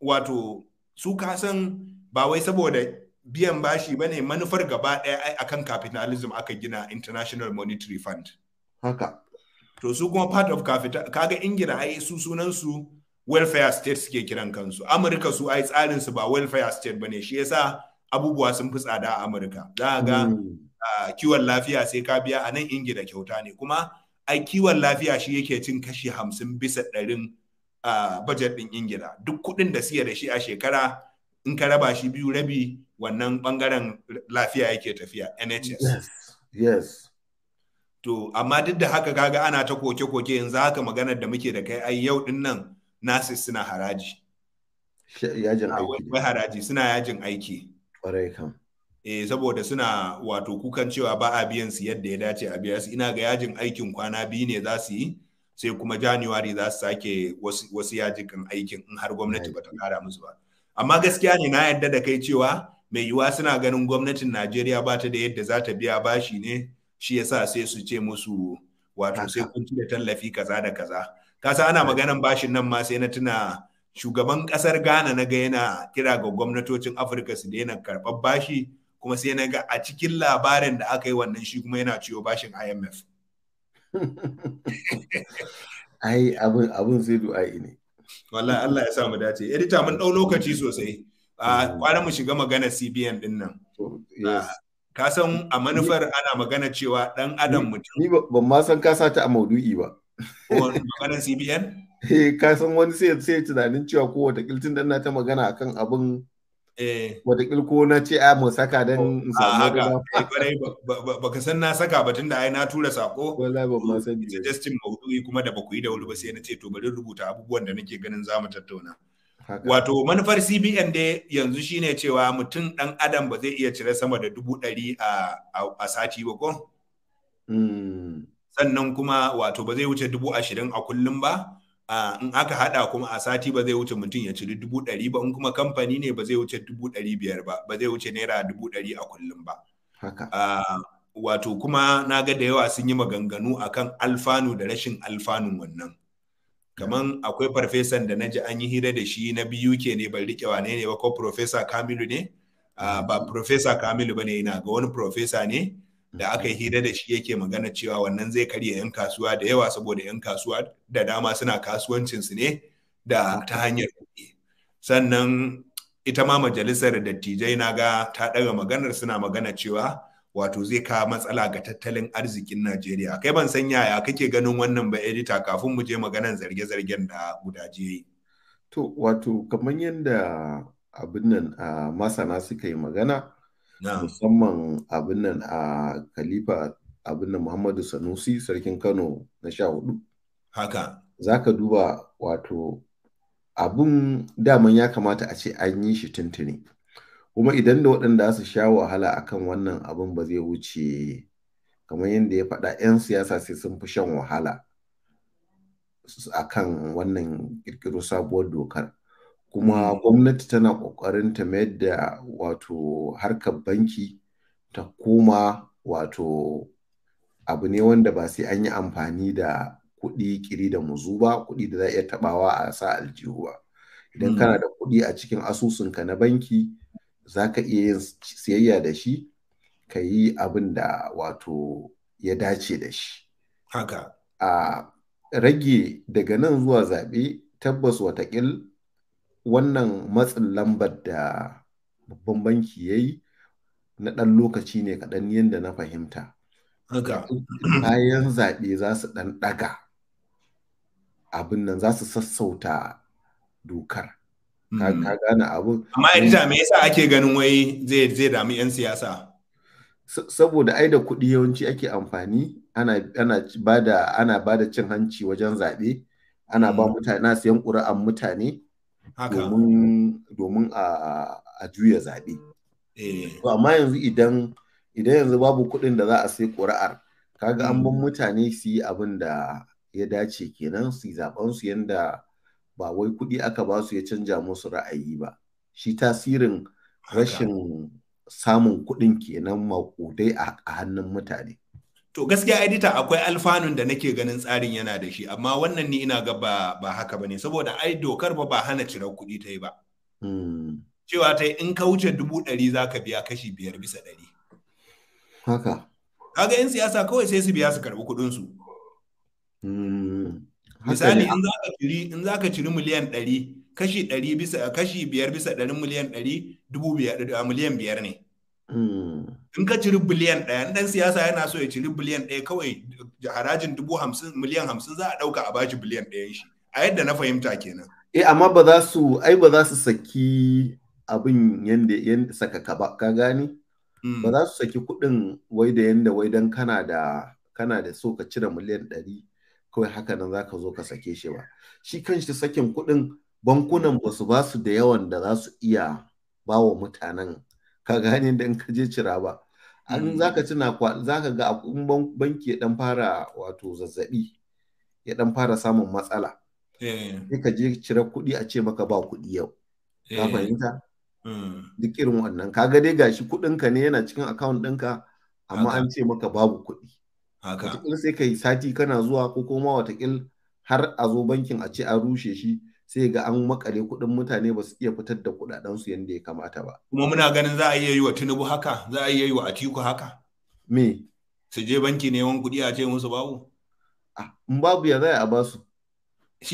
wato su ka san. ba wai saboda biyan bashi bane manufar gaba ɗaya ai akan capitalism aka gina international monetary fund haka to su kuma part of capital kaga ingila ai su sunan su welfare state suke kiran kansu amurka su ai tsarin su ba welfare state bane shi yasa abubuwa sun fi tsada a amurka za ga hmm. kiwon lafiya sai ka biya a nan ingila kyauta ne kuma ai kiwon lafiya shi yake cin kashi hamsin bisa ɗarin bajet ɗin ingila duk kuɗin da siya da shi a shekara in ka raba shi biyu rabi wannan bangaren lafiya yake tafiya NHS. Yes. yes. To, amma duk da haka kaga ana ta koke-koke yanzu haka maganar da muke da kai ai yau din nan nasis suna haraji. Yajin aiki. Wai haraji suna yajin aiki. Ƙwarai kam. Eh, saboda suna wato kukan cewa ba a biyan su yadda ya dace a biya su ina ga yajin aikin kwana biyu ne za su yi sai kuma Januwari za su sake wasu yajikan aikin in har gwamnati ba ta kara musu ba. amma gaskiya ne na yadda da kai cewa mai yiwuwa suna ganin gwamnatin najeriya ba ta da yadda za ta biya bashi ne shi yasa sai su ce musu wato sai kun ci da tallafi kaza da kaza kasa ana maganan bashin nan ma sai na tuna shugaban kasar ghana na ga yana kira ga gwamnatocin afirka su daina karɓar bashi kuma sai na ga a cikin labarin da aka yi wannan shi kuma yana ciwo bashin imf (laughs) ai abin zai du'a'i ne wallahi Allah ya sa mu dace edita mun dau lokaci sosai kwanan mu shiga magana CBN din nan ka san a manufar ana magana cewa dan adam mutum ni ban ma san ka sata a maudu'i ba magana CBN (laughs) eh ka san wani sai sai tunanin cewa ko wata kiltin dan na ta magana akan abin Eh. Wataƙil ko na ce a mu saka don oh, in samu haka eh, ba baka san na saka ba da ai na tura sako wallahi ba ma sani suggesting maudu'i kuma da ku yi da wuri ba sai na ce to bari rubuta abubuwan da nake ganin zamu tattauna wato manufar CBN dai yanzu shine cewa mutum ɗan adam ba zai iya cire sama da dubu ɗari a sati ba ko hmm. sannan kuma wato ba zai wuce dubu ashirin a kullum ba in aka haɗa kuma a sati ba zai wuce mutum ya ciri dubu ɗari ba in kuma kamfani ne ba zai wuce dubu ɗari biyar ba ba zai wuce naira dubu ɗari a kullum ba wato kuma na ga da yawa sun yi maganganu akan alfanu da rashin alfanu wannan kaman akwai farfesan da na ji an yi hira da shi na biyu ke ne ban riƙe wane ne ba ko profesa kamilu ne ba profesa kamilu ba ne ina ga wani profesa ne da aka yi hira da shi yake magana cewa wannan zai karya 'yan kasuwa da yawa saboda 'yan kasuwa da dama suna kasuwancinsu ne da ta hanyar kuɗi sannan ita ma majalisar dattijai na ga ta ɗaga maganar suna magana cewa wato zai kawo matsala ga tattalin arzikin najeriya kai ban san yaya kake ganin wannan ba edita kafin mu je maganar zarge-zargen da guda jiya. to wato kamar yadda abin nan a ah, masana suka yi magana musamman abin nan a khalifa abin nan muhammadu sanusi sarkin kano na sha hudu haka za ka duba wato abin daman ya kamata a ce an yi shi tuntuni kuma idan da waɗanda su sha wahala akan wannan abin ba zai wuce kamar yadda ya faɗa 'yan siyasa sai sun fi shan wahala akan wannan ƙirƙiro sabuwar dokar kuma mm. gwamnati tana ƙoƙarin ta mayar da wato harkar banki ta koma wato abu ne wanda ba sai an yi amfani da kuɗi kiri da muzu ba kuɗi da za a iya taɓawa a sa aljihu ba idan kana mm. da kuɗi a cikin asusunka na banki za ka iya yin siyayya da shi ka yi abin da wato ya dace da shi a rage daga nan zuwa zaɓe tabbas watakil wannan matsin lambar da babban banki ya yi na ɗan lokaci ne kaɗan yadda na fahimta. Bayan zaɓe za su ɗan ɗaga abin nan za su sassauta dokar. Ka hmm. gane abu. Amma edita me yasa ake ganin wai zai dami 'yan siyasa? Saboda ai da kuɗi yawanci ake amfani ana ba da cin hanci wajen zaɓe ana ba hmm. mutane siyan ƙuri'an mutane. domin a juya zaɓe. Eh. amma yanzu idan yanzu babu kuɗin da za a sai ƙuri'ar kaga an ban mm. mutane su yi abin da ya dace kenan su yi su yanda ba wai kuɗi aka ba su ya canja musu ra'ayi ba shi tasirin rashin samun kuɗin kenan maƙudai a hannun mutane. To gaskiya edita akwai alfanun da nake ganin tsarin yana da shi, amma wannan ni ina ga ba haka ba ne, saboda ai dokar ba ba hana cirar kuɗi ta yi ba. Hmm. Cewa ta in ka wuce dubu ɗari za ka biya kashi biyar bisa ɗari. Haka. Kaga yin siyasa kawai sai su biya su karɓi kuɗinsu. Hmm. Misali in za ka ciri miliyan ɗari, kashi ɗari bisa kashi biyar bisa ɗarin miliyan ɗari dubu biyar miliyan biyar ne. Hmm. In ka ciri biliyan ɗaya, ɗan siyasa yana so ya ciri biliyan ɗaya kawai harajin dubu hamsin miliyan hamsin za a ɗauka a bashi biliyan ɗaya shi. A yadda na fahimta kenan. Eh amma ba za su ai ba za su saki abin yanda yanda saka ka ba ka gani hmm. Ba za su saki kuɗin wai da yanda wai don kana da kana da so ka cire miliyan ɗari kawai haka nan za ka zo ka sake shi ba. Shi kan shi sakin kuɗin bankunan ba su ba su da yawan da za su iya ba wa mutanen ka gane (laughs) da ka je cira ba an hmm. za ka tuna za ka ga in banki ya dan fara wato zazzabi ya dan fara samun matsala eh. sai ka je cira kuɗi a ce maka ba kuɗi yau ka eh. fahimta hmm. duk irin wannan ka ga dai gashi ka ne yana cikin akawun ɗinka amma an ce maka babu kuɗi haka sai ka sati kana zuwa ko kuma watakil har a zo bankin a ce an rushe shi sai ga an makare kuɗin mutane ba su iya fitar da kuɗaɗen su yadda ya kamata ba kuma muna ganin za a iya yi wa Tinubu haka za a iya yi wa Atiku haka me su je banki neman kuɗi a ce musu babu ah, in babu ya zai a basu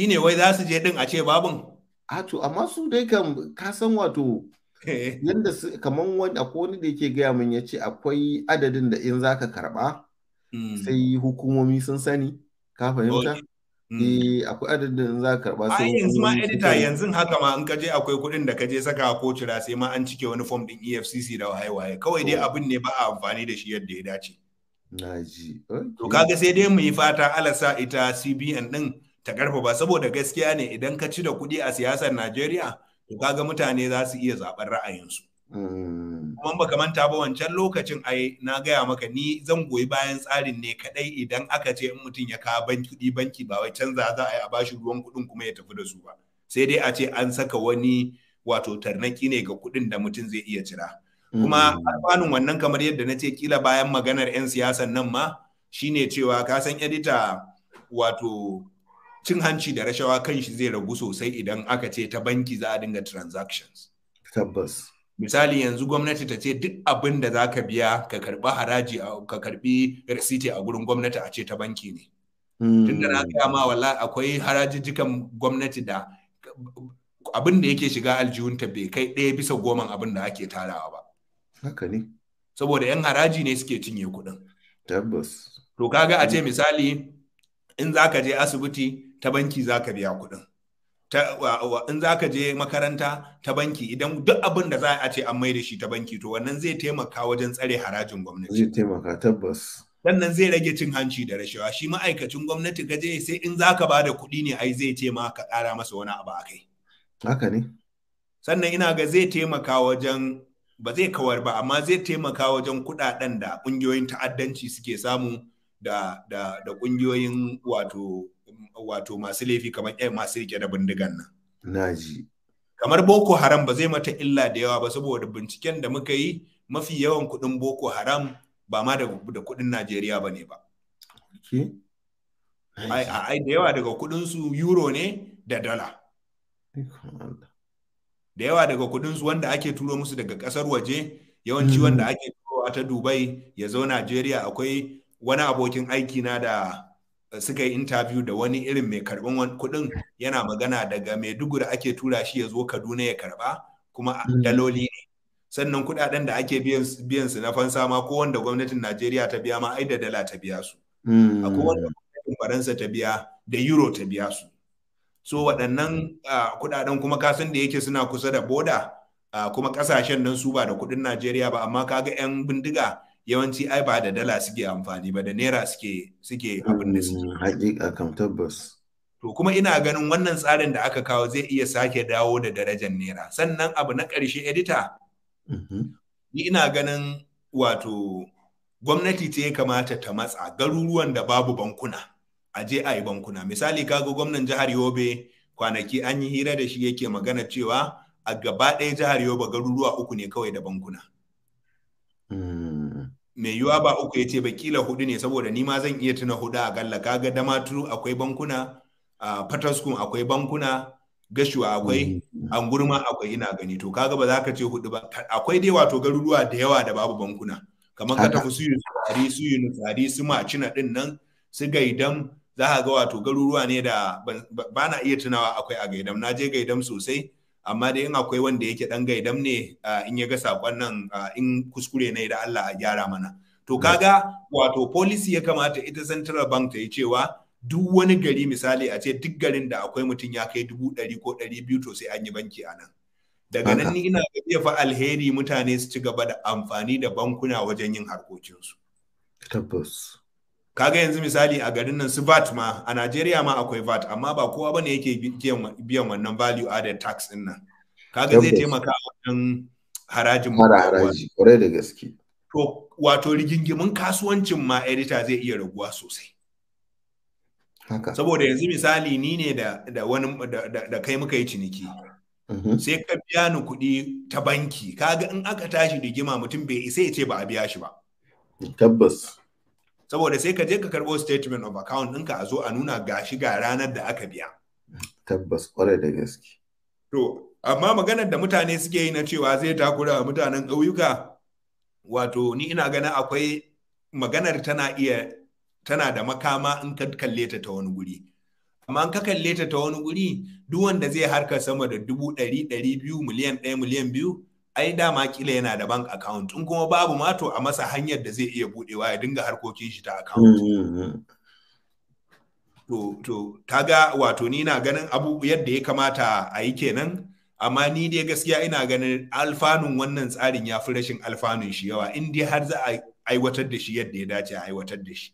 ne wai za su je din a ce babun a to amma su dai kam ka san wato eh. yadda kamar wani akwai wani da yake gaya min ya ce akwai adadin da in zaka karba hmm. sai hukumomi sun sani ka fahimta Mm. Eh akwai adadin za ka karba sai yanzu ma yanzu haka ma in ka je akwai kuɗin da ka je saka ko cira sai ma an cike wani form din EFCC da waye waye kawai dai abin ne ba a amfani da shi yadda ya dace. Naji. To kaga sai dai mu yi fata alasa ita CBN din ta ba saboda gaskiya ne idan ka ci da kuɗi a siyasar Najeriya to kaga mutane za su iya zaɓar ra'ayinsu. Mm. Kuma baka manta ba wancan lokacin ai na gaya maka ni zan goyi bayan tsarin ne kadai idan aka ce in mutum ya kawo banki kudi banki ba wai canza za a yi a bashi ruwan kuɗin kuma ya tafi da su ba. Sai dai a ce an saka wani wato tarnaki ne ga kuɗin da mutum zai iya cira. Kuma alfanun mm. wannan kamar yadda na ce kila bayan maganar 'yan siyasan nan ma shine cewa ka san edita wato cin hanci da rashawa kan shi zai ragu sosai idan aka ce ta banki za a dinga transactions. Tabbas. misali yanzu gwamnati ta ce duk abin da za ka biya ka karbi haraji ka karbi risiti a gurin gwamnati a ce ta banki ne hmm. tun da na gaya ma wala akwai harajijjikan gwamnati da abin da yake shiga aljihunta bai kai ɗaya bisa goman abin da ake tarawa ba haka ne saboda yan haraji ne suke cinye kuɗin tabbas to kaga a ce misali in za ka je asibiti ta banki za ka biya kuɗin in za ka je makaranta ta banki idan duk abin da za a ce an mai da shi ta banki to wannan zai taimaka wajen tsare harajin gwamnati. Zai taimaka tabbas. Sannan zai rage cin hanci da rashawa shi ma'aikacin gwamnati ka je sai in za ka ba da kuɗi ne ai zai ce ma ka ƙara masa wani abu a kai. Haka ne. Sannan ina ga zai taimaka wajen ba zai kawar ba amma zai taimaka wajen kuɗaɗen da ƙungiyoyin ta'addanci suke samu da da ƙungiyoyin wato wato masu laifi kamar yan masu rike da bindigan nan naji kamar boko haram ba zai mata illa da yawa ba saboda binciken da muka yi mafi yawan kuɗin boko haram ba ma da kuɗin najeriya ba ne ba ai da yawa daga kuɗinsu euro ne da dala da yawa daga kuɗinsu wanda ake turo musu daga ƙasar waje yawanci hmm. wanda ake a ta dubai ya zo najeriya akwai wani abokin aiki na da suka yi interview da wani irin mai karɓin kuɗin yana magana daga Maiduguri ake tura shi ya zo Kaduna ya karɓa kuma mm. daloli ne. Sannan kuɗaɗen da ake biyan su na fansa ma ko wanda gwamnatin Najeriya ta biya ma ai da dala ta biya su. Mm. Akwai wanda gwamnatin Faransa ta biya da euro ta biya su. So waɗannan kuɗaɗen kuma ka san da yake suna kusa da boda kuma ƙasashen nan su ba da kuɗin Najeriya ba amma kaga 'yan bindiga yawanci ai ba da dala suke amfani ba da naira suke suke abin da suke mm, hakika kam tabbas to kuma ina ganin wannan tsarin da aka kawo zai iya sake dawo da darajar naira sannan abu na ƙarshe edita mm-hmm. ni ina ganin wato gwamnati ce ya kamata ta matsa garuruwan da babu bankuna a je a yi bankuna misali kaga gwamnan jihar yobe kwanaki an yi hira da shi yake magana cewa a gaba ɗaya jihar yobe garuruwa uku ne kawai da bankuna mai yiwa ba uku ya ce ba kila hudu ne saboda ni ma zan iya tuna hudu a galla kaga damaturu akwai bankuna a fataskun akwai bankuna gashuwa akwai mm-hmm. angurma akwai ina gani to kaga ba za ka ce hudu ba akwai dai wato garuruwa da yawa da babu bankuna kamar ka tafi su yunusari su tsari su ma cina din nan su gaidam za ka ga wato garuruwa ne da bana na iya tunawa akwai a gaidam na je gaidam sosai amma dai in akwai wanda yake dan gaidam ne in ya ga sakon nan in kuskure ne da Allah a gyara mana to kaga wato policy ya kamata ita central bank ta yi cewa duk wani gari misali a ce duk garin da akwai mutum ya kai dubu ɗari ko ɗari biyu to sai an yi banki a nan daga nan ni ina ya fa alheri mutane su ci gaba da amfani da bankuna wajen yin harkokinsu tabbas kaga yanzu misali a garin nan su VAT ma a Najeriya ma akwai VAT amma ba kowa bane yake biyan wannan value added tax din nan kaga zai taimaka wajen harajin haraji kwarai da gaske to wato rigingimin kasuwancin ma editor zai iya raguwa sosai saboda yanzu misali ni ne da da wani da, kai muka yi ciniki mm-hmm. sai ka biya ni kuɗi ta banki kaga in aka tashi rigima mutum bai isa ya ce ba a biya shi ba tabbas saboda sai ka je ka karbo statement of account ɗinka a zo a nuna gashi ga ranar da aka biya tabbas kwarai da gaske to amma maganar da mutane suke yi na cewa zai takura a mutanen ƙauyuka wato ni ina ganin akwai maganar tana iya tana da makama in ka kalle ta ta wani guri amma in ka kalle ta ta wani guri duk wanda zai harka sama da dubu ɗari ɗari biyu miliyan ɗaya miliyan biyu ai dama kila yana da bank account in kuma babu mato a masa hanyar da zai iya budewa ya dinga harkokin shi ta account mm, mm, mm. to to kaga wato ni na ganin abu yadda ya kamata a yi kenan amma ni dai gaskiya ina ganin alfanun wannan tsarin ya fi rashin alfanun shi yawa in dai har za a aiwatar da shi yadda ya dace a aiwatar da shi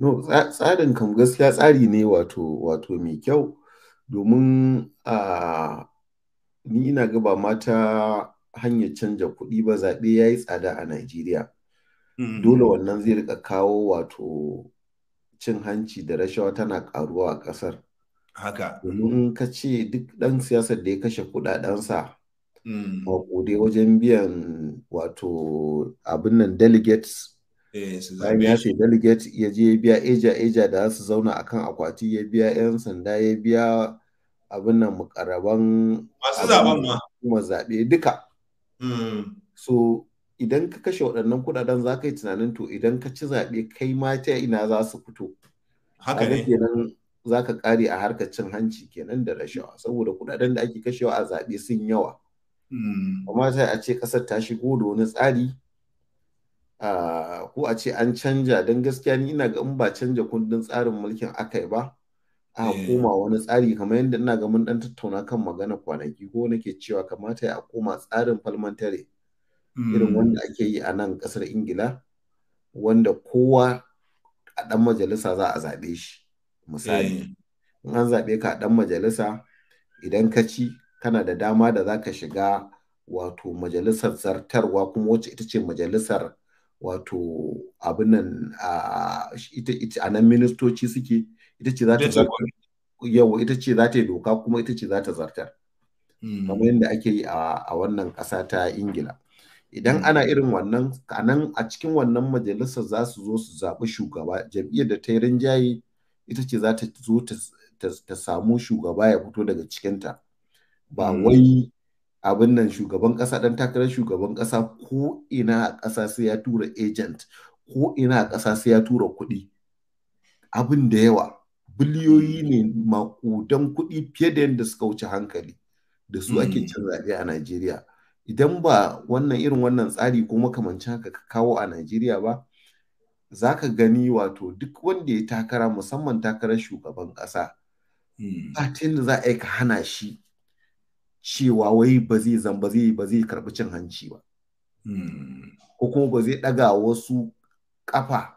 no tsarin kam gaskiya tsari ne wato wato mai kyau domin a ah, ni ina ga ba mata hanyar canja kuɗi ba zaɓe ya yi tsada a Najeriya. Mm-hmm. Dole wannan zai rika kawo wato cin hanci da rashawa tana ƙaruwa a ƙasar. Haka. Domin ka ce duk ɗan siyasar da ya kashe kuɗaɗensa maƙudai mm. wajen biyan wato abin nan delegates. Eh, Bayan ya ce delegate ya je biya eja-eja da su zauna akan akwati ya biya 'yan sanda ya biya abin nan mukarraban masu zaben ma kuma zaɓe duka Hmm. so idan ka kashe waɗannan kuɗaɗen za ka yi tunanin to idan ka ci zaɓe kai ma ta ina za su fito haka ne kenan za ka ƙare a harkar cin hanci kenan da rashawa saboda kuɗaɗen da ake kashewa a zaɓe sun yawa hmm. amma sai a ce ƙasar ta shigo da wani tsari ko a ce an canja don gaskiya ni ina ga in ba canja kundin tsarin mulkin aka yi ba a eh. koma wani tsari kamar yadda ina ga mun dan tattauna kan magana kwanaki ko nake cewa kamata ya koma tsarin falmantare irin hmm. wanda ake yi a nan kasar ingila wanda kowa a dan majalisa za a zaɓe shi misali eh. in an zaɓe ka a dan majalisa idan ka ci kana da dama da za ka shiga wato majalisar zartarwa kuma wacce ita ce majalisar wato nan a nan ministoci suke ita ce za ta zartar ita ce za ta yi doka kuma ita ce za ta zartar hmm. kamar yadda ake yi a wannan ƙasa ta ingila idan hmm. ana irin wannan a cikin wannan majalisar za su zo su zaɓi shugaba jam'iyyar da ta yi rinjaye ita ce za ta zo ta samu shugaba ya fito daga cikinta ba hmm. wai abin nan shugaban ƙasa ɗan takarar shugaban ƙasa ko ina a ƙasa sai ya tura agent ko ina a ƙasa sai ya tura kuɗi abin da yawa biliyoyi ne makudan kuɗi fiye da yadda suka wuce hankali da su ake mm. cin zaɓe a Najeriya. Idan ba wannan irin wannan tsari ko makamancin haka ka kawo a Najeriya ba, za ka gani wato duk wanda ya takara musamman takarar shugaban ƙasa. Mm. Ba ta yadda za a yi ka hana shi cewa wai ba zai zan ba zai ba zai karɓi cin hanci ba. Mm. Ko kuma ba zai ɗaga wasu ƙafa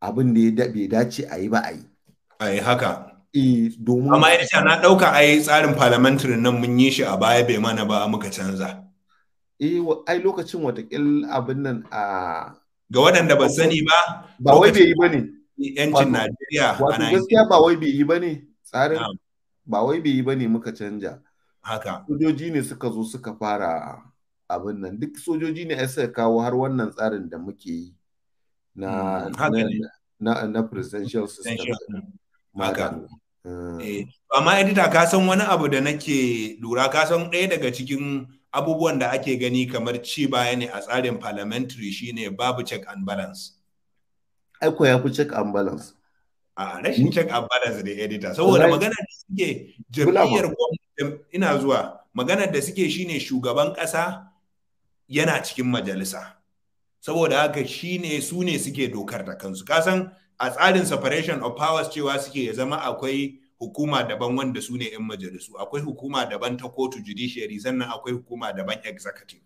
abin da ya dace a yi ba a yi. a yi haka amma eh, amma ya na ɗauka a yi tsarin parliamentary nan mun yi shi a baya bai mana ba muka canza eh ai lokacin watakil abin nan a ga waɗanda ba sani ba ba wai bai yi ba ne yancin Najeriya wato gaskiya ba wai bai yi ba ne tsarin ba wai bai yi ba ne muka canja haka sojoji ne suka zo suka fara abin nan duk sojoji ne ai suka kawo har wannan tsarin da muke yi na na presidential system haka ah. eh, amma edita ka san wani abu da nake lura ka san ɗaya daga cikin abubuwan da ake gani kamar ci baya ne a tsarin parliamentary shine babu check and balance aiko ya fi check and balance a rashin check and balance da editor saboda magana da suke jam'iyyar ina zuwa maganar da suke shine shugaban ƙasa yana cikin majalisa saboda haka shine su ne suke dokar da kansu kasan a tsarin separation of powers cewa suke ya zama akwai hukuma daban wanda su ne 'yan majalisu akwai hukuma daban ta kotu judiciary sannan akwai hukuma daban executive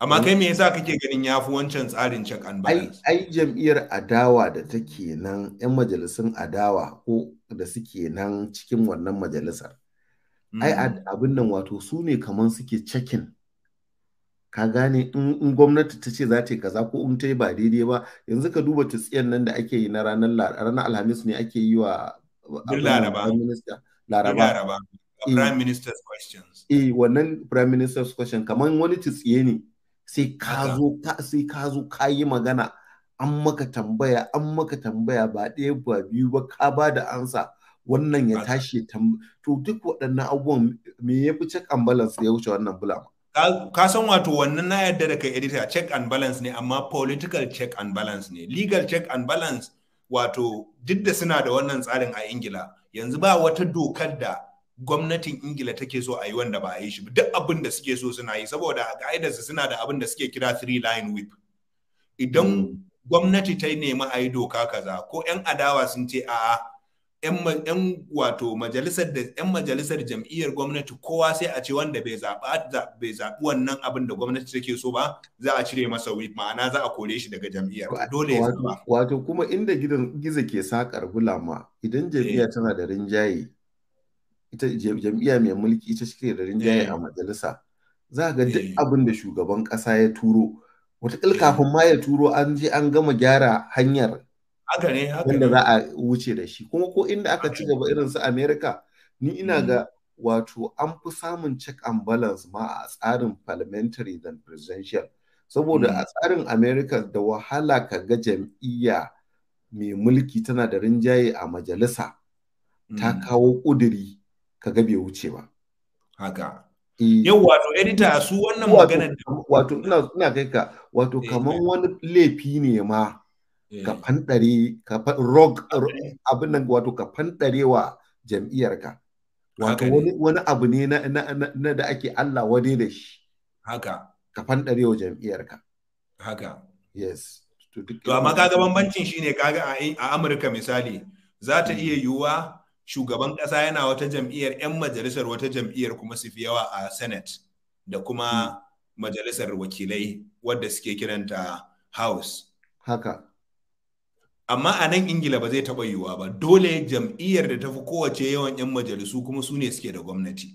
amma kai me yasa kake ganin ya fi wancan tsarin check and balance ai jam'iyyar adawa da take nan 'yan majalisun adawa ko da suke nan cikin wannan majalisar ai mm. abin nan wato su ne kamar suke checking ka gane in gwamnati ta ce za ta yi kaza ko in ta yi ba daidai ba yanzu ka duba tsiyan nan da ake yi na ranar alhamis ne ake yi wa laraba laraba eh. prime minister's questions eh wannan prime minister's question Kaman wani tsiye ne sai ka zo ka sai ka zo ka yi magana an maka tambaya an maka tambaya ba ɗaya ba biyu ba ka ba da ansa wannan ya tashi to duk waɗannan abubuwan me ya fi check and balance ya wuce wannan bulama ka san wato wannan na yadda da kai editor check and balance ne amma political check and balance ne legal check and balance wato duk da suna da wannan tsarin a ingila yanzu ba wata dokar da gwamnatin ingila take so a yi wanda ba a yi shi duk abin da suke so suna yi saboda a su suna da abin da suke kira three line whip idan hmm. gwamnati ta nemi a yi doka kaza ko 'yan adawa sun ce a'a 'yan wato majalisar da 'yan majalisar jam'iyyar gwamnati kowa sai a ce wanda bai zaɓa zaɓi wannan abin da gwamnati take so ba za a cire masa wif ma'ana za a kore shi daga jam'iyyar dole ya zaɓa wato kuma inda gidan gizo ke sakar gulama idan eh. jam'iyya tana da rinjaye ita jam'iyya mai mulki ita cike da rinjaye eh. a majalisa za ga duk eh. abin da shugaban ƙasa ya turo wata kafin ma ya turo an je an gama gyara hanyar haka ne wanda za a wuce da shi kuma ko inda aka ci gaba irin su America ni ina mm. ga wato an fi samun check and balance ma a tsarin parliamentary than presidential saboda mm. a tsarin America da wahala ka ga jam'iyya mai mulki tana da rinjaye a majalisa ta mm. kawo ƙuduri ka ga bai wuce ba haka eh. yau wato edita su wannan maganar wato ina kai ka wato eh. kamar wani laifi ne ma Eh. ka fanɗare ka rog abin nan wato ka fanɗarewa jam'iyyarka wato wani abu ne na da ake Allah wani da shi haka ka fanɗarewa jam'iyyarka haka yes to amma kaga bambancin shine kaga a Amurka misali za ta iya mm. yiwuwa shugaban kasa yana wata jam'iyyar 'yan majalisar wata jam'iyyar kuma su fi yawa a senate da kuma mm. majalisar wakilai wadda suke kiranta house haka amma a nan ingila ba zai taɓa yiwuwa ba dole jam'iyyar da ta fi kowace yawan 'yan majalisu kuma su ne suke da gwamnati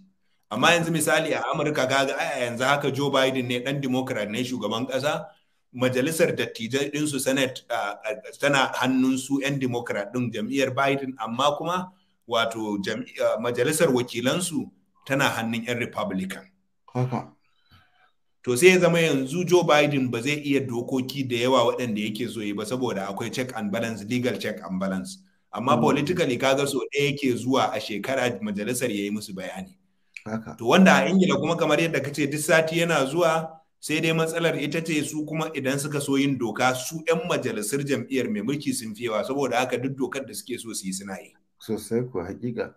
amma yanzu misali a amurka kaga a yanzu haka joe biden ne ɗan democrat ne shugaban ƙasa majalisar dattijai ɗinsu senate tana hannun su 'yan democrat ɗin jam'iyyar biden amma kuma wato majalisar wakilansu tana hannun 'yan republican to sai ya zama yanzu Joe Biden ba zai iya dokoki da yawa waɗanda yake so yi ba saboda akwai check and balance legal check and balance amma hmm. politically kaga so ɗaya yake zuwa a shekara majalisar ya yi musu bayani to wanda a ingila kuma kamar yadda kace duk sati yana zuwa sai dai matsalar ita ce su kuma idan suka so yin doka su 'yan majalisar jam'iyyar mai mulki sun fi yawa saboda haka duk dokar da suke so su yi suna yi sosai ko hakika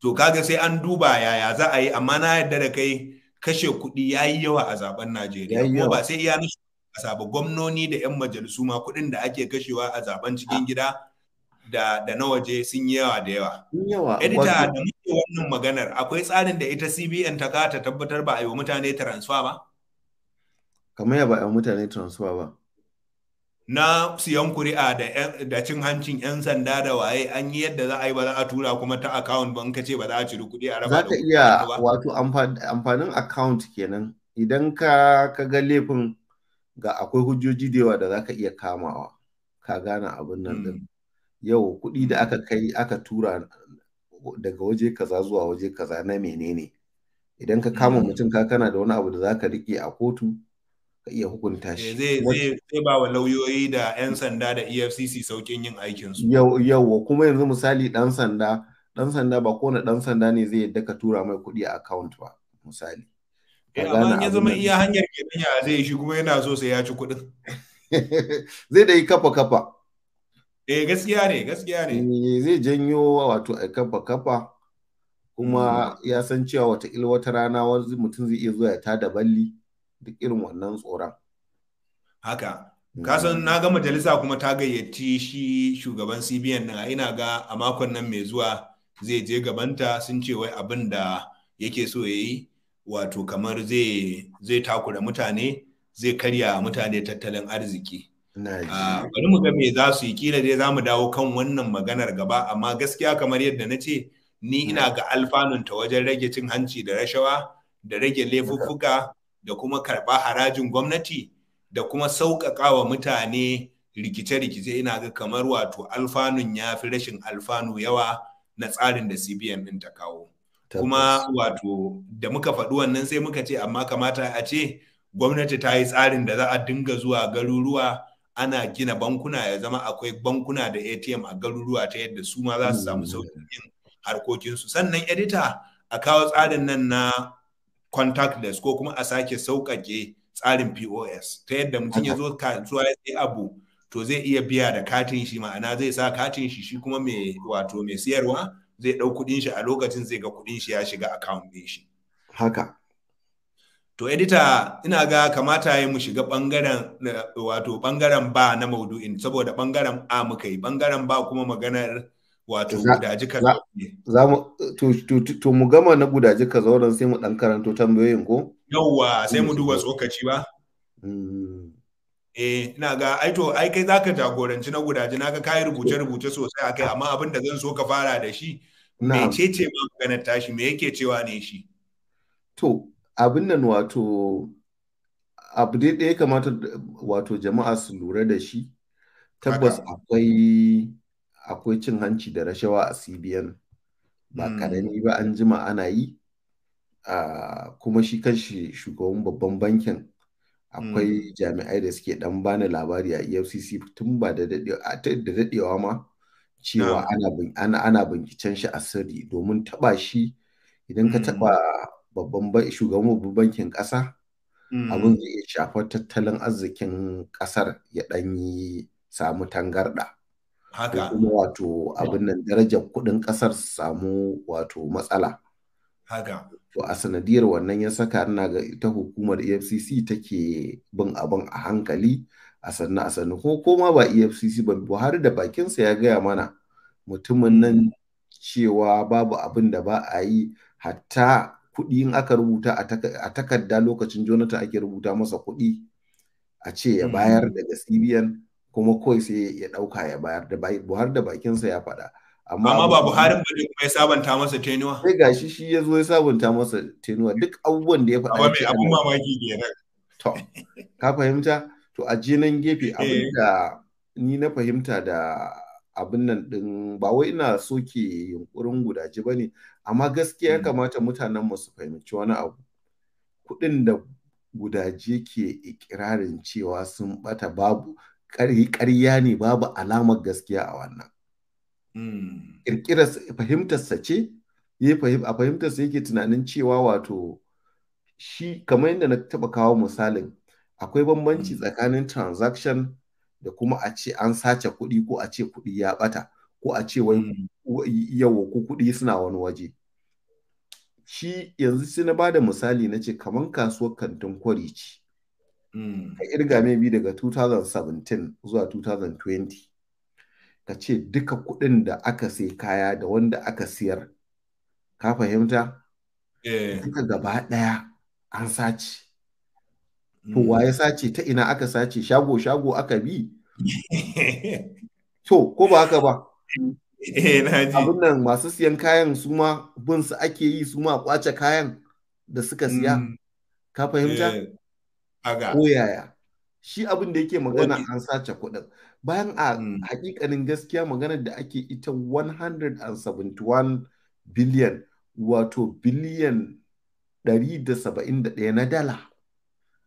to kaga sai an duba yaya za a yi amma na yarda da kai kashe kuɗi ya yi yawa a zaben Najeriya. ko ba sai ya nishi a ba gwamnoni da 'yan majalisu ma kuɗin da ake kashewa a zaben cikin gida da, na waje sun yi yawa da yawa. Edita da muke wannan maganar akwai tsarin da ita CBN ta kata tabbatar ba a yi wa mutane transfer ba? Kamar ya ba a yi wa mutane transfer ba. na siyan kuri'a da cin hancin 'yan sanda da waye an yi yadda za a yi ba za a tura kuma ta account ba in ka ce ba za a ciri kuɗi a raba za ka iya wato amfanin account kenan idan ka ka ga laifin ga akwai hujjoji da yawa da za ka iya kamawa ka gane abin nan din mm. yau kuɗi da mm. aka kai aka tura daga waje kaza zuwa waje kaza na menene idan ka kama mm. mutum ka kana da wani abu da za ka riƙe a kotu ka iya hukunta eh, shi. Zai ba wa lauyoyi da 'yan sanda da EFCC saukin yin aikinsu. Yawwa kuma yanzu misali ɗan sanda, ɗan sanda ba kowane ɗan sanda ne zai yadda ka tura mai kuɗi a account ba misali. Eh, amma ya zama iya hanyar gidanya zai shi kuma yana so sai ya ci kuɗin. (laughs) Zai da yi kafa kafa. Eh gaskiya ne gaskiya ne. Zai janyo wato a kafa kafa kuma hmm. ya san cewa wata wata rana wani mutum zai iya zuwa ya tada balli. duk irin wannan tsoron haka mm. kasan na ga majalisa kuma ta gayyaci shi shugaban cbn na ina ga a makon nan mai zuwa zai je gabanta sun ce wai abin da yake so ya yi wato kamar zai takura mutane zai karya mutane tattalin arziki ah, bari mu ga me za su yi kila dai za mu dawo kan wannan maganar gaba amma gaskiya kamar yadda na ce ni ina mm. ga alfanunta wajen rage cin hanci da rashawa da rage laifuffuka da kuma karɓa harajin gwamnati da kuma sauƙaƙa wa mutane rikice-rikice ina ga kamar wato alfanun ya fi rashin alfanu yawa na tsarin da CBN ɗin ta kawo. Kuma wato da muka faɗi wannan sai muka ce amma kamata a ce gwamnati ta yi tsarin da za a dinga zuwa garuruwa ana gina bankuna ya zama akwai bankuna da ATM a garuruwa ta yadda su ma za su samu hmm. sauƙin harkokinsu. Sannan edita a kawo tsarin nan na contactless ko kuma a sake sauƙaƙe tsarin POS ta yadda mutum ya zo kasuwa ya sai abu to zai iya biya da katin shi ma'ana zai sa katin shi shi kuma mai wato mai siyarwa zai ɗau kuɗin shi a lokacin zai ga kuɗin shi ya shiga account ɗin shi. Haka. To edita ina ga kamata ya mu shiga ɓangaren wato ɓangaren ba na maudu'in saboda ɓangaren a muka yi ɓangaren ba kuma maganar wato gudaji ka za mu to mu gama na gudaji ka zauren sai mu dan karanto tambayoyin ko yawwa sai mu mm. duba tsokaci ba mm. eh ina ga ai to ai kai zaka jagoranci na gudaji naka kai rubuce rubuce sosai akai amma abin da zan so ka fara da shi mecece ma maganar tashi me yake cewa ne shi to abin nan wato abu dai ya kamata wato jama'a su lura da shi tabbas akwai akwai cin hanci da rashawa a cbn ba karami hmm. ba an jima ana yi kuma shi kanshi shugaban babban bankin akwai hmm. jami'ai da suke dan bani labari a efcc tun ba da daɗewa ma cewa ana binciken shi a sirri domin taɓa shi idan ka taɓa hmm. babban shugaban babban bankin ƙasa, abin zai iya shafar tattalin arzikin ƙasar ya ɗanyi samu tangarɗa. haka kuma wato abin nan darajar kuɗin ƙasar su samu wato matsala haka to a sanadiyar wannan ya saka ina ga ita hukumar efcc take bin abin a hankali a sannu a sanna ko koma ba efcc ba buhari da bakinsa ya gaya mana mutumin nan cewa babu abin da ba a yi hatta kuɗi in aka rubuta a takarda lokacin jonathan ake rubuta masa kuɗi a ce ya mm. bayar daga cbn kuma kawai sai ya ɗauka ya bayar da buhar da bakinsa ya faɗa amma ba buharin ba ne kuma ya sabanta masa tenuwa sai gashi shi ya zo ya sabanta masa tenuwa duk abubuwan da ya faɗa mai abun mamaki to ka fahimta to a jinan gefe eh. abin ni na fahimta da abin nan din ba wai ina soke yunkurin gudaji ba ne amma gaskiya ya hmm. kamata mutanen mu su fahimci wani abu kuɗin da gudaje ke ikirarin cewa sun bata babu ƙarya ne babu alamar gaskiya a wannan hmm. ƙirƙirar fahimtarsa ce a fahimtarsa yake tunanin cewa wato shi kamar yadda na taɓa kawo misalin akwai bambanci hmm. tsakanin transaction da kuma a ce an sace kuɗi ko a ce kuɗi ya ɓata ko a ce wai hmm. yawo ko kuɗi suna wani waje shi yanzu sai na bada misali na ce kamar kasuwar kantin kwari ce Mm. ka irga mai bi daga 2017 zuwa 2020 ka ce duka kuɗin da aka sai kaya da wanda aka siyar ka fahimta eh. duka gaba daya an sace to mm. waye sace ta ina aka sace shago shago aka bi (laughs) to ko ba haka ba eh, abin nan masu siyan kayan su ma bin su ake yi su ma kwace kayan da suka siya mm. ka fahimta eh. ko yaya shi abin da yake magana an sace kuɗin bayan a mm. hakikanin gaskiya magana da ake ita 171 billion wato biliyan 171 na dala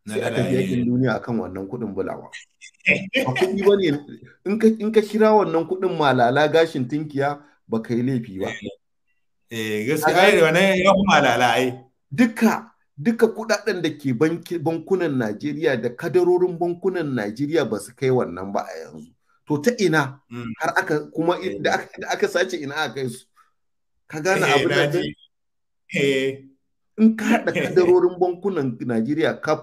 sai aka yi yakin duniya akan wannan kuɗin bulawa (laughs) a kuɗi ba ne in ka shira wannan kuɗin malala gashin tinkiya ba ka yi laifi ba eh, eh gaskiya ne wannan ya malala ai duka duka kudaden da ke bankunan Najeriya da kadarorin bankunan Najeriya ba su kai wannan ba a yanzu. To ta ina mm. har aka kuma eh. da aka sace ina aka kai su. Ka gane eh, abin da eh. in ka haɗa kadarorin bankunan Najeriya kaf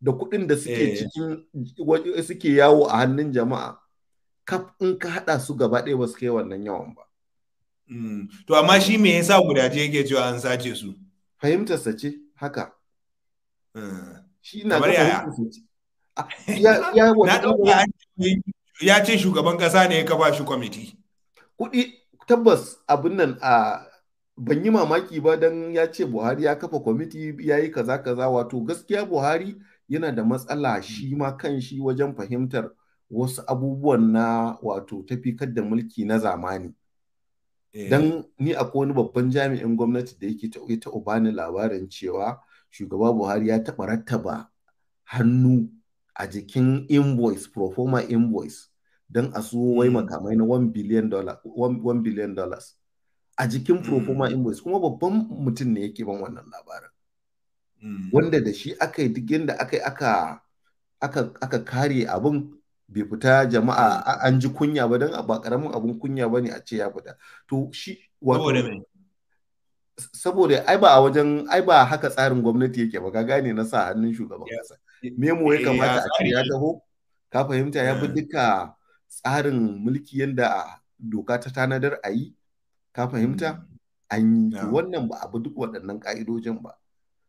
da kuɗin da suke cikin suke yawo a hannun jama'a kaf in ka haɗa su gaba ɗaya ba su kai wannan yawan ba. Mm. To amma shi me yasa gudaje yake cewa an sace su? Fahimtar ce. haka hmm. shi ah, (laughs) na ya ce shugaban kasa ne ya kafa shi kwamiti kuɗi tabbas abin nan a ban yi mamaki ba don ya ce buhari ya kafa kwamiti ya yi kaza kaza wato gaskiya buhari yana da matsala shi ma kan shi wajen fahimtar wasu abubuwan na wato tafi da mulki na zamani Eh. Don ni akwai wani babban jami'in gwamnati da yake ta ubani labarin cewa shugaba Buhari ya taɓa rattaba hannu a jikin invoice, proforma invoice don a suwo wai mm. makamai na 1 billion A jikin proforma mm. invoice kuma babban mutum ne yake ban wannan labarin. Mm. Wanda da shi aka yi duk yadda aka aka kare abin bai fita jama'a an ji kunya ba don ba karamin abun kunya ba ne a ce ya fita to shi wato saboda ai ba a wajen ai ba haka tsarin gwamnati yake ba ga gane na sa hannun shugaban kasa memo ya eh, kamata a ce ya taho ka fahimta ya bi hmm. duka tsarin mulki yanda doka ta tanadar a yi ka fahimta hmm. an yi wannan ba a bi duk waɗannan ƙa'idojin ba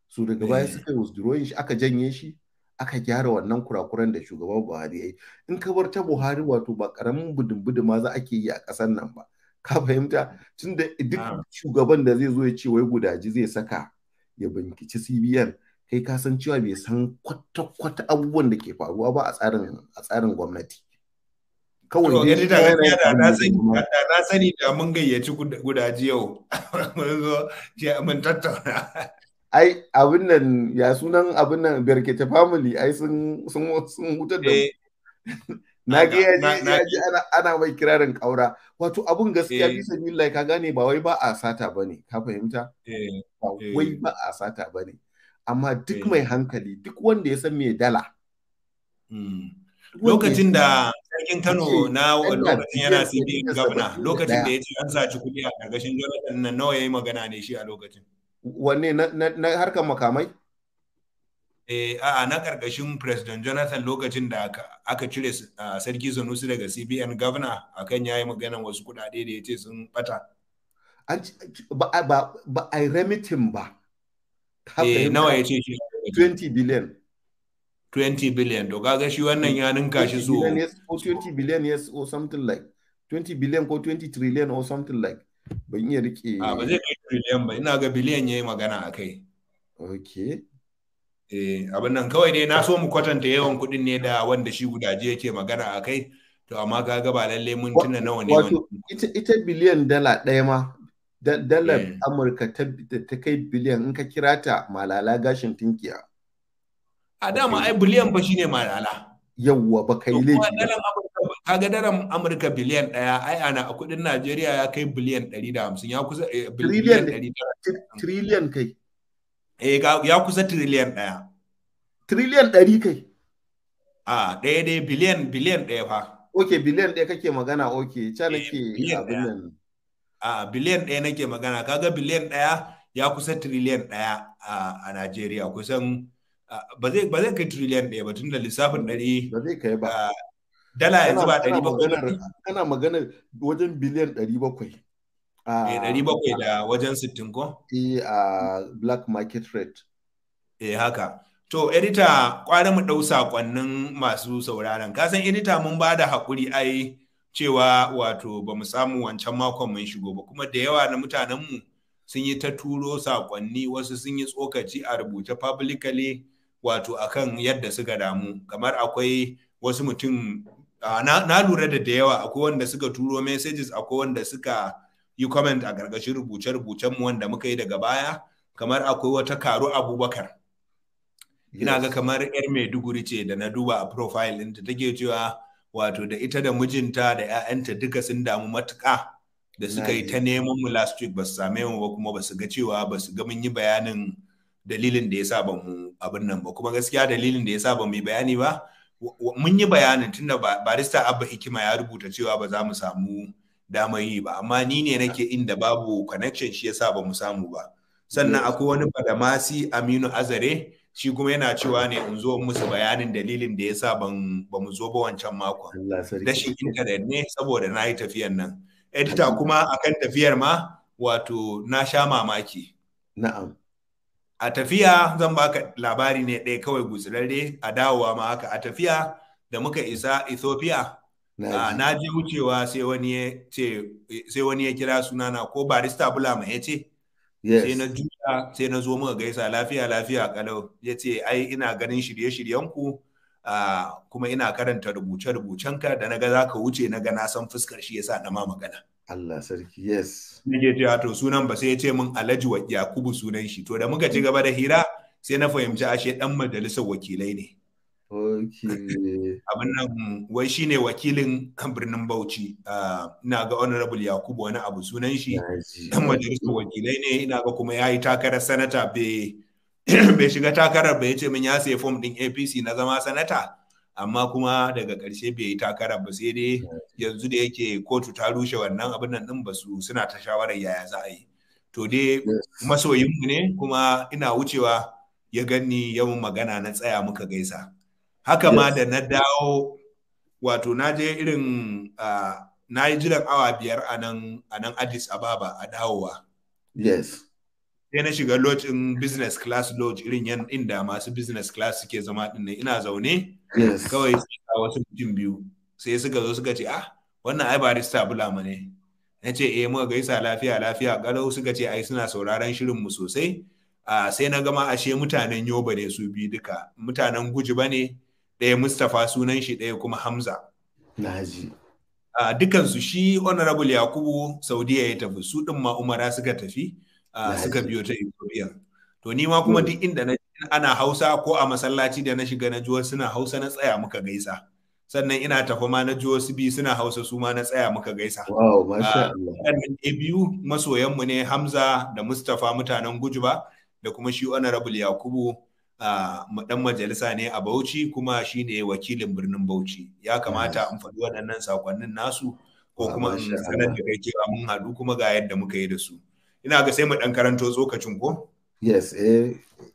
su daga baya eh. suka yi withdrawing shi aka janye shi aka gyara wannan kurakuran da shugaban Buhari ya yi in ka bar ta Buhari wato ba karamin budin ma za ake yi a ƙasar nan ba ka fahimta tun da duk shugaban da zai zo ya ce wai gudaji zai saka ya binkici CBN kai ka san cewa bai san kwata-kwata abubuwan da ke faruwa ba a tsarin a tsarin gwamnati kawai dai da na sani da mun gayyaci gudaji yau (laughs) mun zo mun tattauna ai abin nan ya sunan abin nan berkete family ai sun sun sun hutar da eh. na ga ya ji ana mai kirarin kaura wato abun gaskiya eh. bisa billahi ka gane ba wai ba a sata bane ka fahimta eh, ba wai ba a sata bane amma duk mai hankali duk wanda ya san me dala hmm. lokacin da sarkin Kano na lokacin yana CBN gabna lokacin da ya ce an saci kuɗi a gargashin Jonathan nan nawa yayi magana ne shi a lokacin wanne na harkar makamai? Eh, a na karkashin President Jonathan lokacin da aka cire sarki Sanusi daga CBN governor akan yayi maganan wasu kudade da ya ce sun bata. Ba a remitin ba. Eh, nawa ya ce shi? 20 billion. 20 billion. To kaga shi wannan ya ninka shi so. 20 billion yes or something like. 20 billion ko 20 trillion or something like. ban iya rike a ba zai kai biliyan ba ina ga biliyan yayi magana a kai okay eh abin nan kawai dai na so mu kwatanta yawan kuɗin ne da wanda shi gudaje yake magana a kai to amma ka ga ba lalle mun tuna nawa ne wato ita ita biliyan dala ɗaya ma dalar eh. amurka ta kai biliyan in ka kira ta malala gashin tinkiya a dama ai biliyan ba shine malala yawwa ba kai laifi Amurka. kaga daren amurka biliyan ɗaya ai ana a kuɗin najeriya ya kai biliyan ɗari da hamsin ya kusa eh, biliyan ɗari triliyan kai eh ya kusa triliyan ɗaya triliyan ɗari kai a ɗaya dai biliyan biliyan ɗaya fa ok biliyan ɗaya kake magana ok ca eh, nake abin a biliyan ɗaya nake magana kaga biliyan ɗaya ya kusa triliyan ɗaya a najeriya kusan ba zai kai triliyan ɗaya ba tun da lissafin ɗari ba zai kai ba dala yanzu ba ɗari bakwai kana magana wajen biliyan ɗari bakwai eh, ɗari bakwai da wajen sittin ko e, a black market rate eh haka to edita kwara mu ɗau sakonnin masu sauraron kasan edita mun ba da haƙuri ai cewa wato ba mu samu wancan makon mun shigo ba kuma da yawa na mutanenmu sun yi ta turo sakonni wasu sun yi tsokaci a rubuce publicly wato akan yadda suka damu kamar akwai wasu mutum Ah, na lura da da yawa akwai wanda suka turo messages akwai wanda suka yi comment a gargashin rubuce-rubucen mu wanda muka yi daga baya kamar akwai wata karu abubakar ina ga kamar yar maiduguri ce da na duba a profile ɗinta take cewa wato da ita da mijinta da 'ya'yanta duka sun damu matuƙa da suka yi ta neman mu last week ba su same mu ba kuma ba su ga cewa ba su ga mun yi bayanin dalilin da ya sa ba mu abin nan ba kuma gaskiya dalilin da ya sa ba mu yi bayani ba mun yi bayanin tunda barista abba hikima ya rubuta cewa ba za mu samu damar yi ba amma ni ne nake inda babu connection shi yasa ba mu samu ba sannan akwai wani badamasi aminu azare shi kuma yana cewa ne in zo musu bayanin dalilin da yasa ban ba mu zo ba wancan makon shi intanet ne saboda na yi tafiyar nan edita kuma akan tafiyar ma wato na sha mamaki na'am a tafiya zan baka labari ne ɗaya kawai gusirarre a dawowa ma haka a tafiya da muka isa ethiopia na ji wucewa sai wani ya kira sunana ko barista bula ya ce sai na juya sai na zo muka gaisa lafiya lafiya kalau ya ce ai ina ganin shirye-shiryenku kuma ina karanta rubuce-rubucenka da na ga za ka wuce na ga na san fuskar shi yasa na ma magana Allah sarki yes nake ce to sunan ba sai ya ce min Alhaji wa Yakubu sunan shi to da muka ci gaba da hira sai na fahimci ashe dan majalisar wakilai ne Okay. Abin nan wai shi ne wakilin birnin Bauchi, ah, ina ga Honorable Yakubu wani abu sunan shi, ɗan majalisar wakilai ne, ina ga kuma ya yi takarar sanata (clears throat) bai shiga takarar bai ce min ya sai fom ɗin APC na zama sanata. amma kuma daga ƙarshe bai yi takara ba sai dai yanzu da yake kotu ta rushe wannan abin nan ɗin ba su suna ta shawarar yaya za a yi to dai masoyinmu ne kuma ina wucewa ya ganni yawan magana na tsaya muka gaisa haka ma da na dawo wato na je irin na yi jiran awa biyar a nan addis ababa a dawowa yes sai na shiga lodge in business class lodge irin yan inda masu business class suke zama ɗin ina zaune kawai sai ga wasu mutum biyu sai suka zo suka ce ah wannan ai barista bulama ne na ce eh muka gaisa lafiya lafiya kalau suka ce ai suna sauraron shirin mu sosai a sai na gama ashe mutanen yoba ne su biyu duka mutanen guji ba ne ɗaya mustapha sunan shi ɗaya kuma hamza naji a dukansu shi honorable yakubu saudiya ya tafi su ɗin ma umara suka tafi suka biyo ta ethiopia to ni ma kuma hmm. duk inda na ana hausa ko a masallaci da na shiga na juwa suna hausa na tsaya muka gaisa sannan ina tafi ma na juwa su bi suna hausa su ma na tsaya muka gaisa wow ah, biyu masoyanmu ne Hamza da Mustapha mutanen Gujuba da kuma shi honorable Yakubu dan ah, majalisa ne a Bauchi kuma shi ne wakilin birnin Bauchi ya kamata in faɗi waɗannan saƙonnin nasu ko ah, kuma in sanar da kai cewa mun haɗu kuma ga yadda muka yi da su ina ga sai mu ɗan karanto tsokacin ko yes eh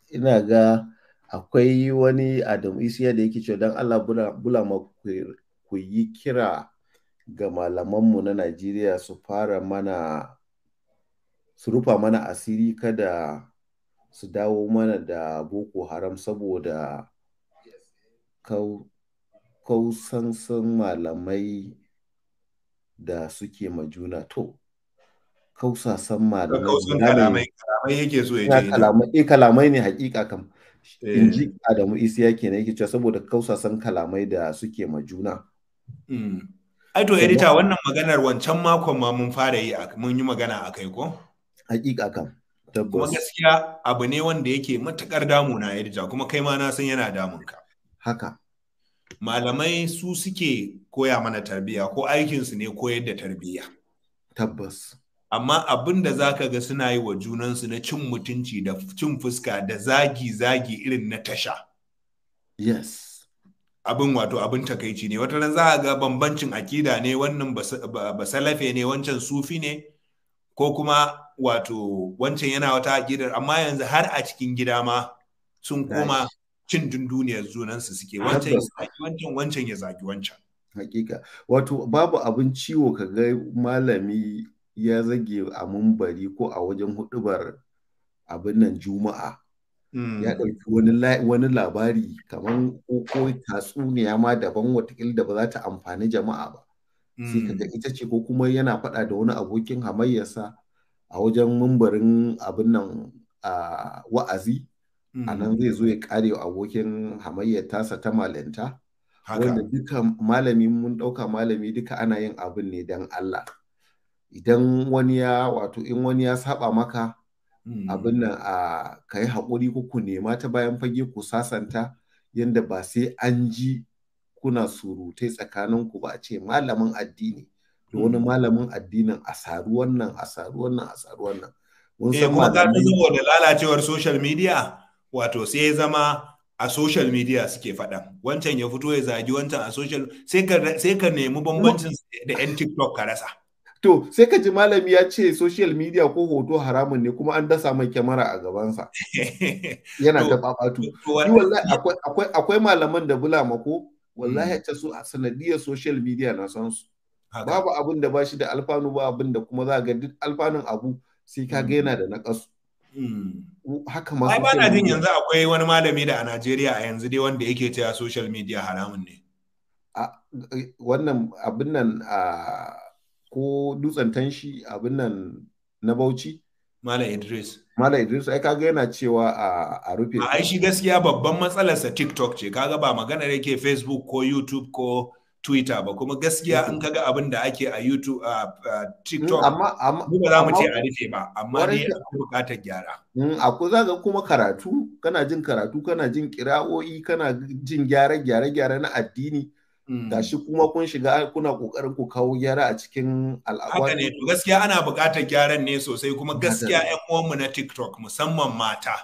ina ga akwai wani Adam Isiya da yake cewa don Allah bula ma ku yi kira ga malamanmu na Najeriya su fara mana su rufa mana asiri kada su dawo mana da Boko Haram saboda kausansan malamai da suke ma juna to kausasan malamai kausan kalamai kalamai yake so ya ce kalamai eh, kalamai ne hakika kam eh. in ji Adamu Isiya kenan yake cewa saboda kausasan kalamai da suke ma juna hmm. ai to edita wannan maganar wancan makon ma mun fara yi mun yi magana a kai ko hakika kam kuma gaskiya abu ne wanda yake matukar damuna edita kuma kai ma na san yana damunka haka malamai su suke koya mana tarbiyya ko aikinsu ne koyar da tarbiyya tabbas amma abin da za ka ga suna yi wa junansu na cin mutunci da cin fuska da zagi-zagi irin na tasha yes abin wato abin takaici ne wata za a ga bambancin akida ne wannan basalafe ne wancan sufi ne ko kuma wato wancan yana wata akidar amma yanzu har a cikin gida ma sun koma cin dunduniyar junansu suke wancan wancan ya zagi wancan hakika wato babu abin ciwo ka ga malami ya zage a mumbari ko a wajen huɗubar abin nan juma'a mm. ya ɗauki wani labari kamar ko tatsuniya ma daban watakil da ba za ta amfani jama'a ba sai kaga mm. ita ce ko kuma yana faɗa da wani abokin hamayyarsa a wajen mumbarin abin nan a wa'azi a nan mm. zai zo ya kare abokin hamayyar tasa ta malinta wanda duka malami mun ɗauka malami duka ana yin abin ne don Allah idan wani ya wato in wani ya saba maka hmm. abin nan a ka yi haƙuri ko ku nema ta bayan fage ku sasanta yadda ba sai an ji kuna surutai tsakaninku ba a ce malamin addini da wani hmm. malamin addinin a saru wannan a saru wannan a saru wannan. Mun eh, san kuma ta saboda lalacewar social media wato sai ya zama a social media suke faɗa wancan ya fito ya zagi wancan a social sai ka nemi bambancin da 'yan tiktok ka rasa. To sai ka ji malami ya ce social media ko hoto haramun ne kuma an dasa mai kyamara a gabansa. (laughs) Yana ta babatu. akwai malaman da bulamako wallahi ce hmm. su a sanadiyar social media na san su. Babu abin da ba shi da alfanu ba abin da kuma za ga duk alfanun abu sai ka ga hmm. yana da naƙasu. Hmm. Haka ma. Ai bana jin yanzu akwai wani malami da a Najeriya a yanzu dai wanda yake cewa social media haramun ne. Eh, wannan abin nan a ah, ko dutsen tanshi abin nan na bauchi Malam Idris. Malam Idris, ai kaga yana cewa a rufe. Ai shi gaskiya babban sa TikTok ce, kaga ba maganar yake Facebook ko YouTube ko Twitter ba, kuma gaskiya in kaga abin da ake a YouTube a TikTok. Mm, amma amma ba za mu ce a rufe ba, amma ne bukatar gyara. Mm, akwai zaga kuma karatu, kana jin karatu, kana jin kira'o'i, kana jin gyare gyare gyare na addini. Mm. gashi kuma kun shiga kuna kokarin ku kawo gyara a cikin al'adu haka ne to gaskiya ana buƙatar gyaran ne sosai kuma gaskiya ƴan uwanmu na TikTok musamman mata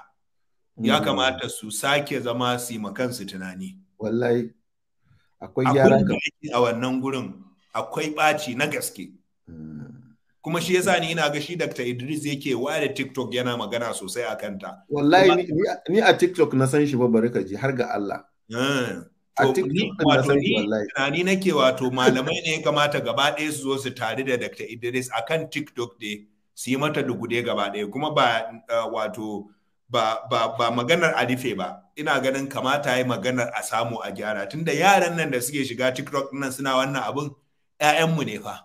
ya mm. kamata su sake zama su ma kansu tunani wallahi akwai gyara a wannan gurin akwai ɓaci na gaske mm. kuma shi yasa ni ina ga shi Dr. Idris yake ware TikTok yana magana sosai a kanta wallahi ni a TikTok na san shi ba bari ka ji har ga Allah eh. wato ni tunani nake wato malamai ne ya kamata gaba ɗaya su zo su tare da Dr. Idris akan TikTok dai su yi mata dugude gaba ɗaya kuma ba wato ba, ba, ba maganar alife ba ina ganin kamata yi maganar a samu a gyara tunda yaran nan da suke shiga TikTok nan suna wannan abun mu ne fa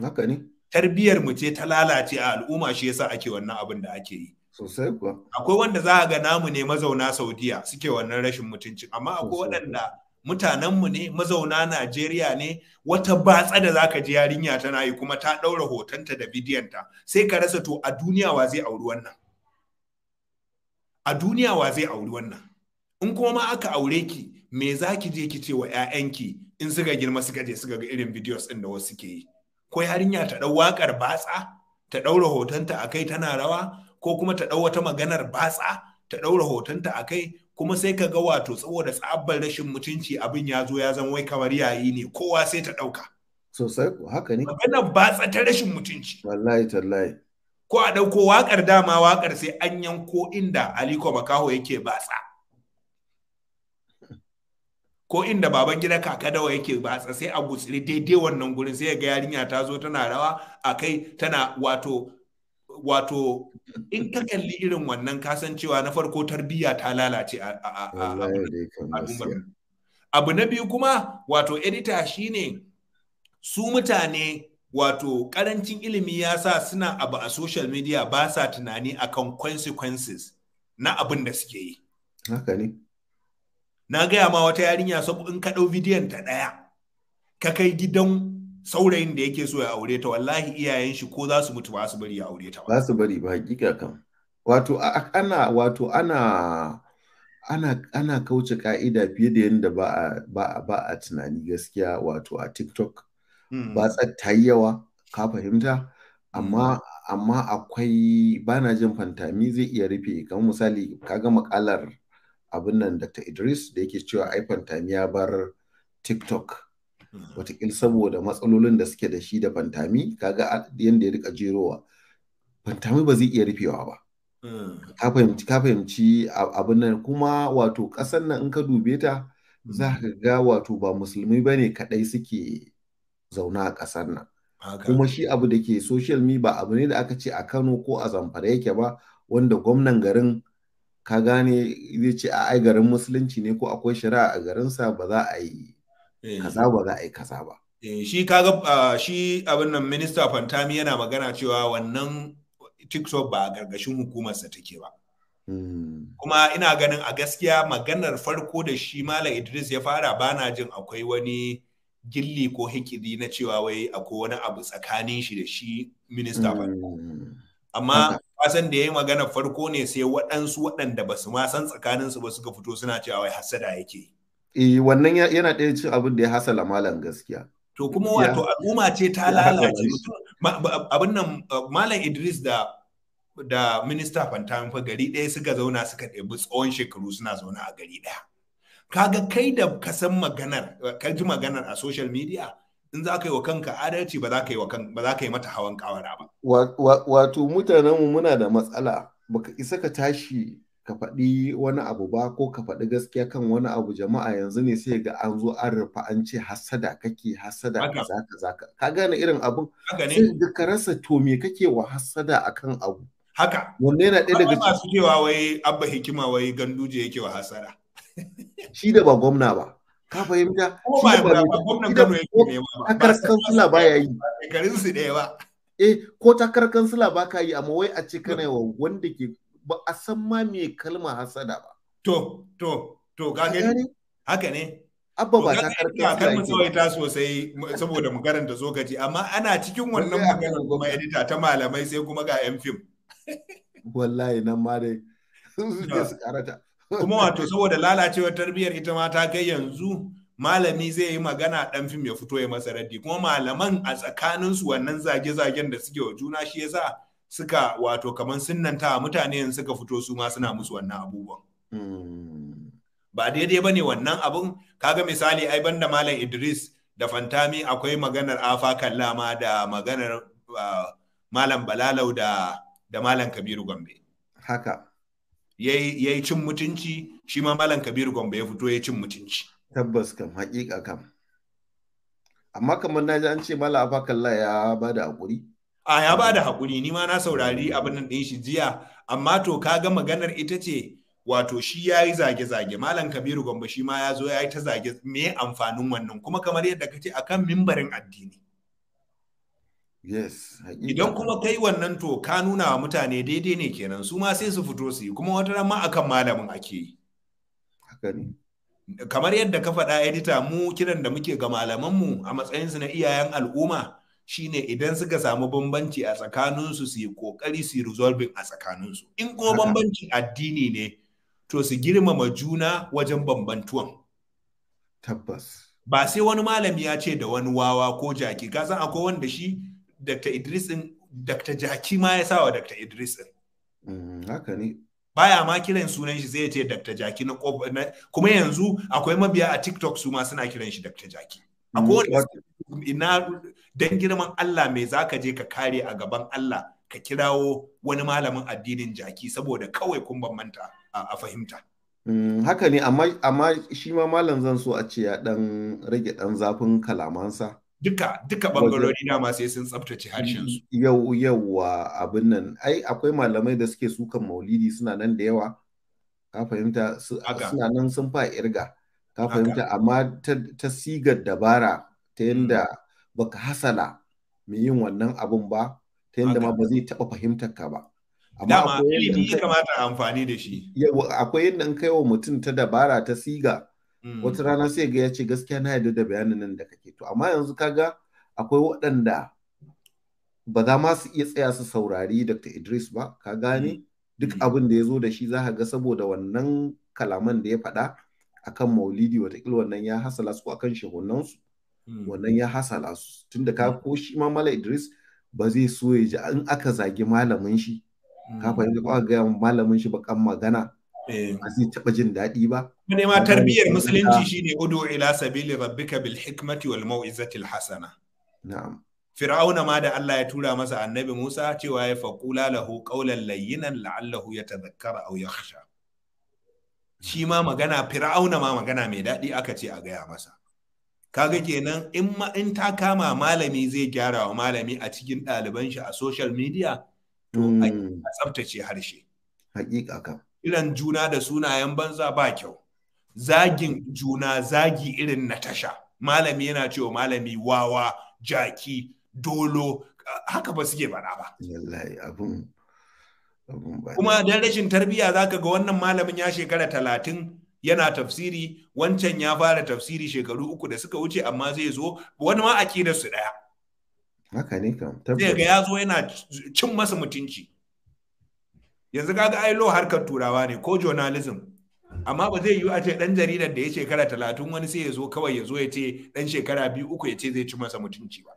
haka ne tarbiyyar mu ce ta lalace a al'umma shi yasa ake wannan abin da ake yi sosai kuwa akwai wanda za a ga namu ne mazauna Saudiya suke wannan rashin mutuncin amma akwai waɗanda mutanenmu ne mazauna Najeriya ne wata batsa da zaka ji yarinya tana yi kuma ta ɗaura hotonta da bidiyonta sai ka rasa to a duniya wa zai auri wannan a duniya wa zai auri wannan in kuma ma aka aure ki me za ki je ki ce wa 'ya'yanki in suka girma suka je suka ga irin bidiyos ɗin da wasu ke yi ko yarinya ta ɗau wakar batsa ta ɗaura hotonta a kai tana rawa ko kuma ta ɗau wata maganar batsa ta ɗaura hotonta a kai kuma sai ka ga wato saboda tsabar rashin mutunci abin ya zo ya zama wai kamar yayi ne kowa sai ta ɗauka. Sosai haka ne. Maganar batsa ta rashin mutunci. Wallahi tallahi. Ko a ɗauko waƙar dama waƙar sai an yanko inda Aliko Makaho yake batsa. Ko inda baban gida kaka dawa yake batsa sai a gutsiri daidai wannan gurin sai ga yarinya ta zo tana rawa a kai tana wato wato in ka kalli irin wannan kasancewa na farko tarbiyya ta lalace a abu na biyu kuma wato edita shine su mutane wato karancin ilimi ya sa suna abu a social media ba sa tunani akan consequences na abin da suke yi haka ne na gaya ma wata yarinya sabu in ka ɗau bidiyon ta ɗaya ka kai gidan saurayin da yake so ya aure ta wallahi iyayen shi ko za su mutu ba su bari ya aure ta ba su bari ba hakika kam wato ana wato ana ana ana kauce ka'ida fiye da yadda ba a ba ba a tunani gaskiya wato a TikTok hmm. ba ta yawa ka fahimta hmm. amma amma akwai bana jin fantami zai iya rufe kamar misali kaga makalar abin nan Dr. Idris da yake cewa ai fantami ya bar TikTok watakila saboda matsalolin da suke da shi da fantami kaga yadda ya rika jerowa fantami ba zai iya rufewa ba hmm. ka fahimci ka fahimci abin nan kuma wato ƙasar nan in ka dube ta hmm. za ka ga wato ba musulmi ba ne kaɗai suke zauna a ƙasar nan kuma shi abu da ke social media ba abu ne da aka ce a kano ko a zamfara yake ba wanda gwamnan garin ka gane zai ce a ai garin musulunci ne ko akwai shari'a a garinsa ba za a yi Eh. kaza ba za a yi kaza ba eh, shi kaga ah, shi abin nan minista fantami yana magana cewa wannan tiktok ba a gargashin hukumarsa take ba hmm. kuma ina ganin a gaskiya maganar farko da shi malam idris ya fara bana jin akwai wani gilli ko hikidi na cewa wai akwai wani abu tsakanin shi da shi minista farko hmm. amma kasan da ya yi magana farko ne sai waɗansu waɗanda ba su ma san tsakaninsu ba suka fito suna cewa wai hasada yake eh wannan yana ɗaya cin abin da ya hasala malam gaskiya to kuma wato al'umma ce ta lalace abin nan uh, malam Idris da da minista Fantamin fa gari ɗaya suka zauna suka ɗebi tsawon shekaru suna zauna a gari ɗaya ga kai da ka san maganar uh, ka ji maganar a social media in za ka yi wa kanka adalci ba za ka yi mata hawan kawara ba wato mutanenmu muna da matsala baka isa ka tashi ka faɗi wani abu ba ko ka faɗi gaskiya kan wani abu jama'a yanzu ne sai ga an zo an rufa an ce hasada kake hasada kaza kaza ka gane irin abun sai ga ka rasa to me kake wa hasada akan abu haka wanne yana ɗaya daga masu cewa wai abba hikima wai ganduje yake wa hasada shi da ba gwamna ba ka fahimta shi da ba gwamnan Kano yake ne ba akar kansila baya yi garin su ɗaya ba eh ko takarar kansila ba ka yi amma wai a ce kana wanda ke ba a san ma me kalma hasada ba to to to ga gani haka ne abba ba ta a kar mu ta sosai saboda mu karanta tsokaci amma ana cikin wannan maganar kuma edita ta malamai sai kuma ga yan fim wallahi nan ma dai (laughs) kuma wato saboda lalacewar tarbiyyar ita ma ta kai yanzu malami zai yi magana dan fim ya fito ya masa raddi kuma malaman a tsakaninsu wannan zage-zagen da suke wa juna shi ya sa. suka wato kaman sinnanta mutane suka fito su ma suna musu wannan abubuwan hmm. ba daidai ba ne wannan abun kaga misali ai banda malam idris da fantami akwai maganar afa kallama da maganar ah, malam balalau da da malam kabiru gombe haka ya yi cin mutunci shi ma malam kabiru gombe ya fito ya cin mutunci tabbas kam hakika kam amma kamar na ji an ce malam afa kalla ya ba da hakuri a ya ba da haƙuri ni ma na saurari abin nan ɗin shi jiya amma to ka ga maganar ita ce wato shi ya yi zage-zage malam kabiru gwamba shi ma ya zo ya yi ta zage me amfanin wannan kuma kamar yadda ka ce akan mimbarin addini Yes. Idan kuma kai wannan to ka nuna wa mutane daidai ne kenan su ma sai su fito su yi kuma wata ran ma akan malamin ake yi. Kamar yadda ka faɗa edita mu kiran da muke ga malaman mu a matsayinsu na iyayen al'umma shine idan suka samu bambanci a tsakaninsu su yi kokari su yi resolving a tsakaninsu in ko bambanci addini ne to su girmama juna wajen bambantuwan tabbas ba sai wani malami ya ce da wani wawa ko jaki ka san akwai wanda shi dr idris din dr jaki ma ya sawa dr idris din mm, haka ne baya ma kiran sunan shi zai ce dr jaki na kuma yanzu akwai mabiya a tiktok su ma suna kiran shi dr jaki akwai mm, wanda ina don girman Allah me za ka je ka kare a gaban Allah ka kirawo wani malamin addinin jaki saboda kawai kun bambanta a fahimta. Mm, haka ne amma shi ma malam zan so a ce ya ɗan rage ɗan zafin kalamansa. Duka duka bangarori dama sai sun tsabtace harshensu. Mm, yau yauwa abin nan ai akwai malamai da suke sukan maulidi suna nan da yawa ka fahimta suna nan sun fa irga ka fahimta amma ta sigar dabara ta yadda mm. baka hasala mai yin wannan abun ba ta yadda ma ba zai taɓa fahimtar ka ba. amma ilimi ya kamata amfani da shi. Akwai yadda in kai wa mutum ta dabara ta siga mm. wata rana sai ga ya ce gaskiya na yarda da bayanin nan da kake to amma yanzu kaga akwai waɗanda ba za ma su iya tsaya su saurari Dr. Idris ba ka gane mm. duk mm. abin da ya zo da shi za ka ga saboda wannan kalaman da ya faɗa akan maulidi watakila wannan ya hasala su akan shehunansu Hmm. wannan ya hasala su tunda ka hmm. ko shi ma mala idris ba zai so ya ji An aka zagi malamin shi ka hmm. fahimta ko ga gaya malamin shi bakan magana eh. ba zai taɓa jin daɗi ba. Ne ma tarbiyyar musulunci shine udu ila sabili rabbika bil hikmati wal al hasana. Na'am. Fir'auna ma da Allah ya tura masa annabi Musa cewa ya faƙula lahu qawlan layyinan la'allahu ya aw yakhsha. Shi ma magana Fir'auna ma magana mai daɗi aka ce a gaya masa. kaga kenan in ma in ta kama malami zai gyara wa malami a cikin ɗaliban shi a social media to hmm. a tsaftace harshe hakika ka irin juna da sunayen banza ba kyau zagin juna zagi irin na tasha malami yana cewa malami wawa jaki dolo haka ba suke bana ba kuma dan rashin tarbiyya zaka ga wannan malamin ya shekara talatin yana tafsiri wancan ya fara tafsiri shekaru uku da suka wuce amma zai zo wani ma a su ɗaya. haka ne kam zai ga ya yana cin masa mutunci yanzu kaga ga lo harkar turawa ne ko journalism amma ba zai yiwu a ce dan jaridar da ya shekara talatin wani sai ya zo kawai ya zo ya ce dan shekara biyu uku ya ce zai ci masa mutunci ba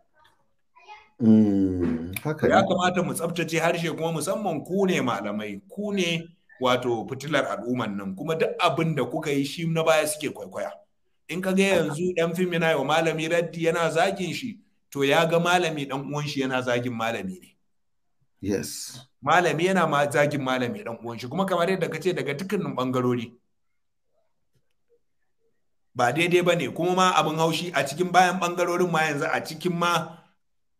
mm, ya kamata mu tsabtace harshe kuma musamman ku ne malamai ku ne wato fitilar al'umman nan kuma duk abin da kuka yi shi na baya suke kwaikwaya in ka ga yanzu dan fim yana wa malami raddi yana zagin shi to ya ga malami dan uwan shi yana zagin malami ne yes malami yana ma zagin malami dan uwan shi kuma kamar yadda kace daga dukkanin bangarori ba daidai bane kuma ma abin haushi a cikin bayan bangarorin ma yanzu a cikin ma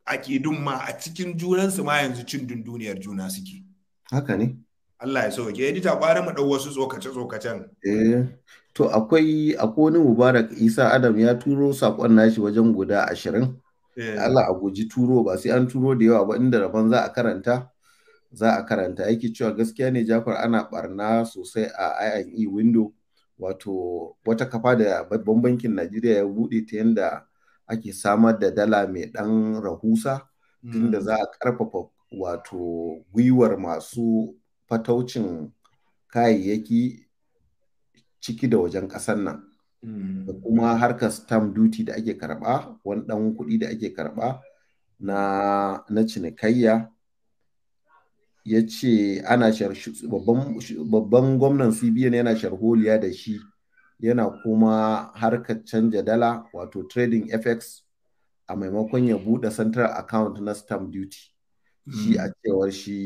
akidun ma a cikin junansu ma yanzu cin dunduniyar juna suke haka ne Allah ya sauke edita bare mu dau wasu tsokace-tsokacen. Eh, to akwai wani Mubarak Isa Adam ya turo sakon nashi wajen guda ashirin. Eh. Allah a guji turo ba sai an turo da yawa ba inda rabon za a karanta. Za a karanta yake cewa gaskiya ne Jafar ana barna sosai a INE window wato wata kafa da babban bankin Najeriya ya buɗe ta yanda ake samar da dala mai ɗan rahusa tunda mm. za a ƙarfafa wato gwiwar masu fataucin kayayyaki ciki da wajen ƙasar nan mm. da kuma harkar stamp duty da ake karɓa wani ɗan kuɗi da ake karɓa na, na cinikayya ya ce ana babban gwamnan cbn yana sharholiya da shi yana kuma harkar canja dala wato trading fx a maimakon ya buɗe central account na stamp duty shi mm. a cewar shi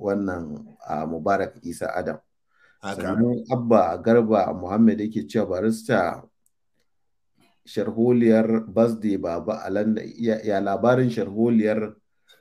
wannan mubarak isa adam sannan abba garba muhammad yake cewa barista sharholiyar birthday baba alanda ya labarin sharholiyar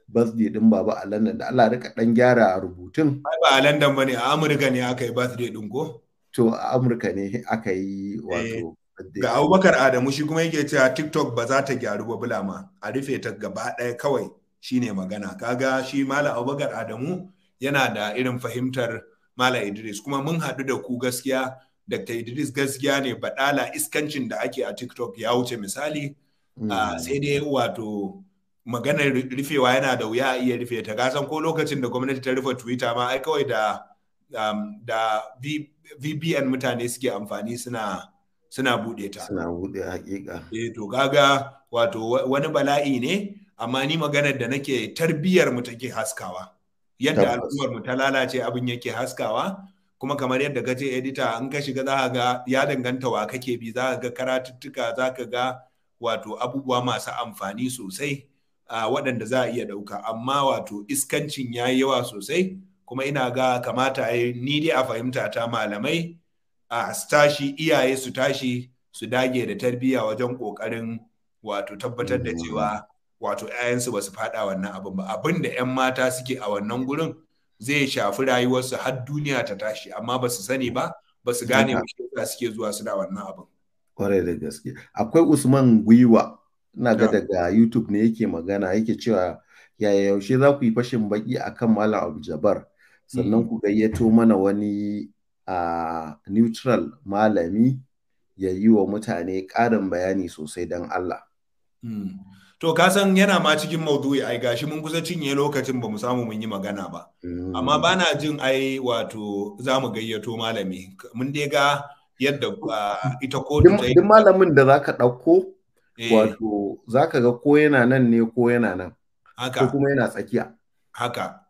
birthday din baba a London da Allah rika dan gyara rubutun. ba a London bane a Amurka ne aka yi birthday din ko? To a Amurka ne aka yi wato eh, Ga Abubakar Adamu shi kuma yake cewa TikTok ba za ta gyaru ba bulama a rufe ta gaba ɗaya kawai shine magana kaga shi mala abubakar adamu yana da irin fahimtar mala idris kuma mun haɗu da ku gaskiya dr idris gaskiya ne baɗala iskancin da ake a tiktok ya wuce misali mm. ah, sai dai wato maganar rufewa yana da wuya a iya rufe ta gasan ko lokacin da gwamnati ta rufe twitter ma ai kawai da um, da vpn mutane suke amfani suna suna buɗe ta suna buɗe hakika eh to kaga wato wani bala'i ne amma ni maganar da nake tarbiyar mu take haskawa yadda al'ummar mu ta lalace abin yake haskawa kuma kamar yadda ka ce edita in ka shiga za ga ya danganta wa kake bi za ga karatuttuka za ka ga wato abubuwa masu amfani sosai a waɗanda za a iya ɗauka amma wato iskancin ya yi yawa sosai kuma ina ga kamata ni dai a fahimta ta malamai a tashi iyaye su tashi su dage da tarbiyya wajen kokarin wato tabbatar da mm. cewa wato 'ya'yansu ba su faɗa wannan abin ba abin da 'yan mata suke a wannan gurin zai shafi rayuwarsu har duniya ta tashi amma ba su sani ba ba su gane ba suke zuwa suna wannan abin kwarai da gaske akwai usman gwiwa ina ga daga youtube ne yake magana yake cewa yaya yaushe za ku yi fashin baki akan malam abu sannan mm. ku gayyato mana wani a neutral malami ya yi wa mutane ƙarin bayani sosai don allah mm. to ka san yana ma cikin maudu'i ai gashi mun kusa cinye lokacin ba mu samu mun yi magana ba amma hmm. bana jin ai wato za mu gayyato malami mun dai ga yadda ah, ita ko ta yi duk malamin da zaka ɗauko eh. wato zaka ga ko yana nan ne ko yana nan haka ko kuma yana tsakiya haka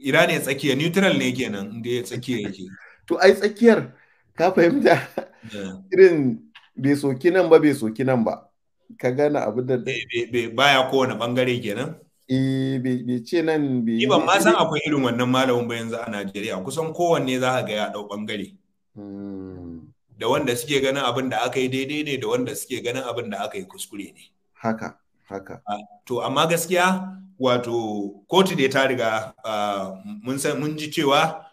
ira ne tsakiya neutral ne kenan inda ya tsakiya yake (laughs) to ai tsakiyar ka fahimta (laughs) irin bai soki nan ba bai soki nan ba ka gane abin da baya kowane bangare kenan eh, bai ce nan bai ban ma san akwai irin wannan malamin ba yanzu a Najeriya kusan kowanne za ka ga ya dau bangare hmm. da wanda suke ganin abin da aka yi daidai ne da wanda suke ganin abin da aka yi kuskure ne haka haka ah, to amma gaskiya wato kotu dai ta riga ah, mun san mun ji cewa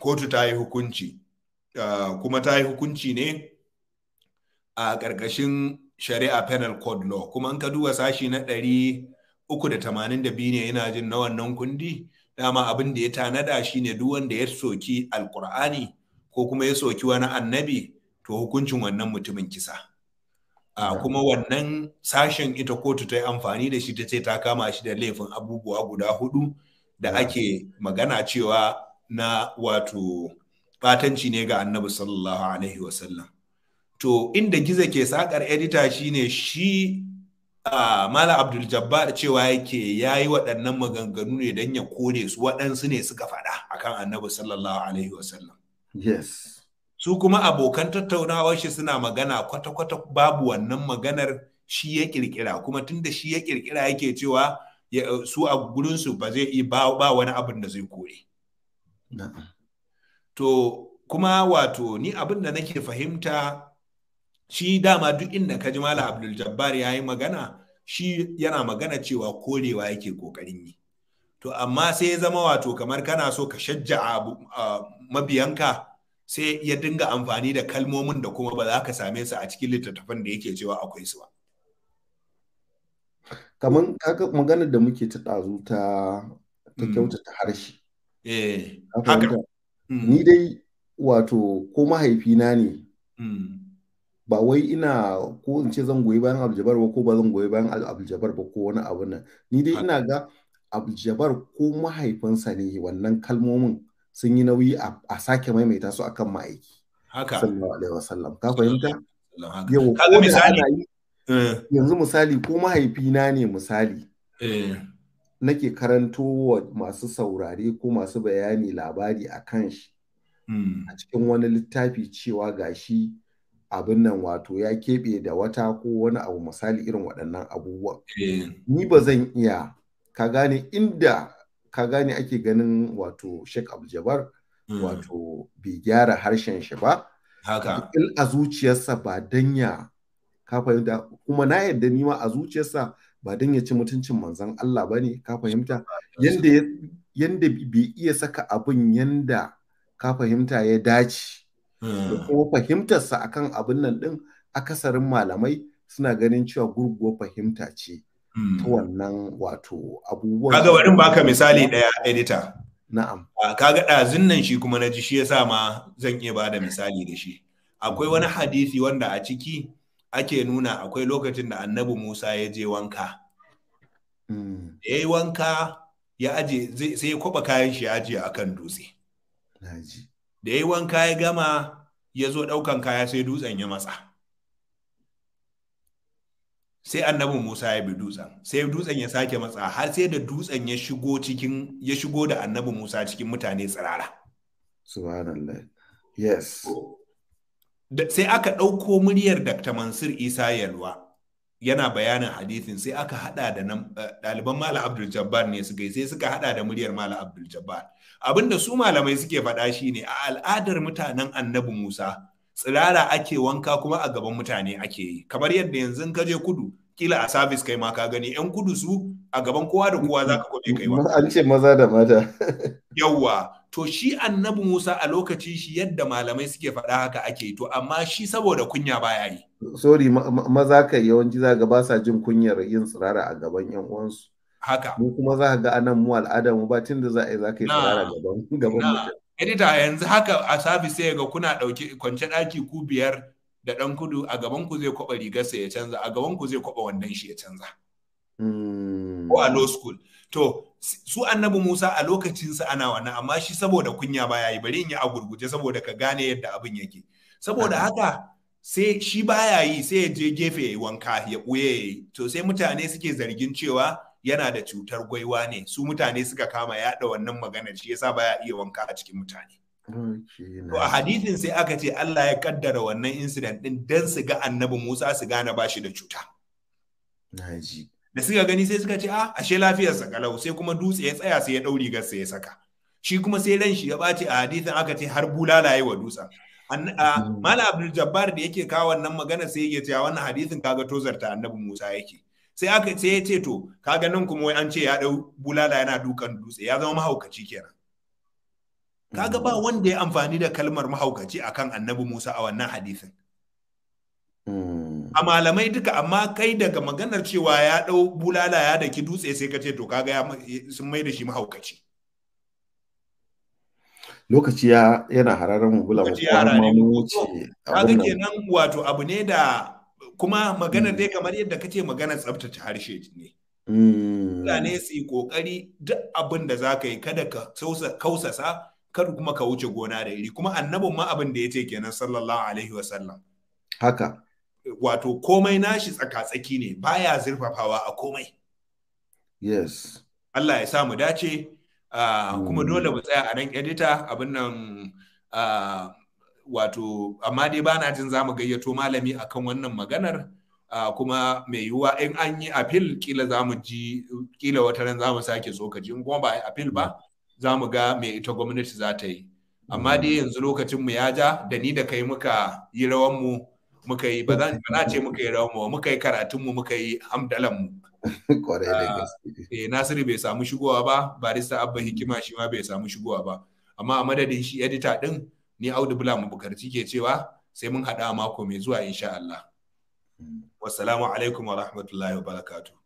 kotu ta yi hukunci ah, kuma ta yi hukunci ne a ƙarƙashin shari'a penal code law kuma an ka duba sashi na ɗari uku da tamanin da biyu ne yana jin na wannan kundi dama abin da ya tanada shine duk wanda ya soki alkur'ani ko kuma ya soki wani annabi to hukuncin wannan mutumin kisa a kuma wannan sashen ita kotu ta yi amfani da shi ta ce ta kama shi da laifin abubuwa guda hudu da ake magana cewa na wato batanci ne ga annabi sallallahu alaihi wasallam to inda gizo ke sakar edita shine shi uh, mala abdul jabbar cewa yake ya yi waɗannan maganganu ne don ya kore su waɗansu ne suka faɗa akan annabi sallallahu alaihi wasallam yes su kuma abokan tattaunawar shi suna magana kwata-kwata babu wannan maganar shi ya kirkira kuma tunda shi ya kirkira yake cewa su a gurinsu ba zai ba wani abin da zai kore to kuma wato ni abin da nake fahimta shi dama duk inda ka ji mala abdul jabbar ya yi magana shi yana magana cewa korewa yake kokarin yi to amma sai ya zama wato kamar kana so ka shajja a mabiyanka sai ya dinga amfani da kalmomin da kuma ba za ka same su a cikin littattafan da yake cewa akwai su ba kamar kaga maganar da muke ta ɗazu ta ta hmm. harshe eh haka hmm. ni dai wato ko mahaifina ne hmm. ba wai ina ko in ce zan goyi bayan abdul ba ko ba zan goyi bayan abdul ba ko wani abu nan ni dai ah. ina ga abdul ko mahaifinsa ne wannan kalmomin sun yi nauyi a sake maimaita su akan ma'aiki haka sallallahu alaihi wasallam ka fahimta yau ko misali eh. yanzu misali ko mahaifina ne misali eh. nake karanto wa masu saurare ko masu bayani labari a kan shi hmm. a cikin wani littafi cewa gashi abin nan wato ya keɓe da wata ko wani abu misali irin waɗannan abubuwa. Eh. Ni ba zan iya ka gane inda ka gane ake ganin wato Sheikh Abdul hmm. wato bai gyara harshen shi ba. Haka. a zuciyarsa ba dan ka fahimta kuma na yadda ni ma a zuciyarsa ba dan ya ci mutuncin manzon Allah ba ne ka fahimta yanda bai iya saka abin yanda ka fahimta ya dace. da hmm. kuma fahimtarsa akan abin nan ɗin akasarin malamai suna ganin cewa gurguwa fahimta ce ta hmm. wannan wato abubuwan kaga barin baka misali ɗaya editor na'am ah, kaga ɗazun nan shi kuma na ji shi yasa ma zan iya bada misali da shi akwai wani hmm. hadisi wanda a ciki ake nuna akwai lokacin da annabi Musa ya je wanka ya wanka ya aje sai ya kwaba kayan shi ya aje akan dutse da ya yi wanka ya gama ya zo ɗaukan kaya sai dutsen ya matsa sai annabin musa ya bi dutsen sai dutsen ya sake matsa har sai da dutsen ya shigo cikin ya shigo da annabin musa cikin mutane tsirara subhanallah yes sai aka ɗauko muryar dr mansur isa yalwa yana bayanin hadithin sai aka hada da nan eh, ɗaliban mala abdul jabbar ne suka yi sai suka hada da muryar mala abdul jabbar abin da su malamai suke faɗa shi ne a al'adar mutanen annabi musa tsirara ake wanka kuma a gaban mutane ake yi kamar yadda yanzu ka je kudu kila a sabis kai ma ka gani yan kudu su a gaban kowa da kowa za ka kwabe kai an ce maza da mata yawwa to shi annabi musa a lokaci shi yadda malamai suke faɗa haka ake to amma shi saboda kunya baya yi sorry maza kai yawanci za ga ba sa jin kunyar yin tsirara a gaban yan uwansu haka mu kuma za ka ga anan mu al'ada mu ba tunda za a yi za ka yi tsara gaban gaban edita yanzu haka a sabis sai ga kuna dauke kwance daki ku biyar da dan kudu a gaban ku zai kwaba rigar sa ya canza a gaban ku zai kwaba wannan shi ya canza hmm. ko a low school to su annabi Musa a lokacin sa ana wannan amma shi saboda kunya baya yi bari in yi a gurguje saboda ka gane yadda abin yake saboda haka sai shi baya yi sai ya je gefe ya wanka ya ɓuye to sai mutane suke zargin cewa yana da cutar gwaiwa ne su mutane suka kama yaɗa wannan maganar shi yasa baya iya wanka a cikin mutane To a hadithin sai aka ce Allah ya kaddara wannan incident din dan su ga annabi Musa su gane ba shi da cuta. Da suka gani sai suka ce a ah, ashe lafiyar sa kalau sai kuma dutse ya tsaya sai ya ɗau rigarsa ya saka. Shi kuma sai ran shi ya ɓaci a hadithin aka ce har bulalaye wa dutsen. Mm. Mala Abdul Jabbar da yake kawo wannan magana sai yake cewa wannan hadithin kaga tozarta annabi Musa yake. sai aka sai ya ce to kaga nan kuma wai an ce ya dau bulala yana dukan dutse ya zama mahaukaci kenan kaga ba mm. wanda ya amfani da kalmar mahaukaci akan annabi Musa a wannan hadisin mm. a malamai duka amma kai daga maganar cewa ya dau bulala ya daki dutse sai ka ce to kaga sun mai da shi mahaukaci lokaci ya yana hararar mu bula mu kuma mun wuce kaga kenan wato abu ne da kuma mm. magana dai kamar yadda kace magana tsabtace harshe ne mm. mutane su yi kokari duk abin da za ka yi kada ka kausasa kada kuma ka wuce gona da iri kuma annabin ma abin da ya ce kenan sallallahu alaihi wasallam haka wato komai nashi tsaka-tsaki ne baya zurfafawa a komai yes Allah ya sa mu dace uh, mm. kuma dole mu tsaya a nan edita abin nan ah, wato amma dai ba na jin zamu gayyato malami akan wannan maganar kuma mai yiwuwa in an yi afil kila za ji kila wata ran za sake tsokaci in kuma ba a apil ba za mu ga mai ita gwamnati za ta yi amma dai yanzu lokacin mu ya ja da ni da kai muka yi rawan mu muka yi ba za ce muka yi rawan mu muka yi karatun mu muka yi hamdalan mu (laughs) eh Nasiru bai samu shigowa ba barista Abba Hikima shi ma bai samu shigowa ba amma a madadin shi edita din ni Audu Bula Mabukarci ke cewa sai mun haɗa mako mai zuwa insha Allah. Hmm. Wassalamu alaikum wa rahmatullahi wa barakatuh.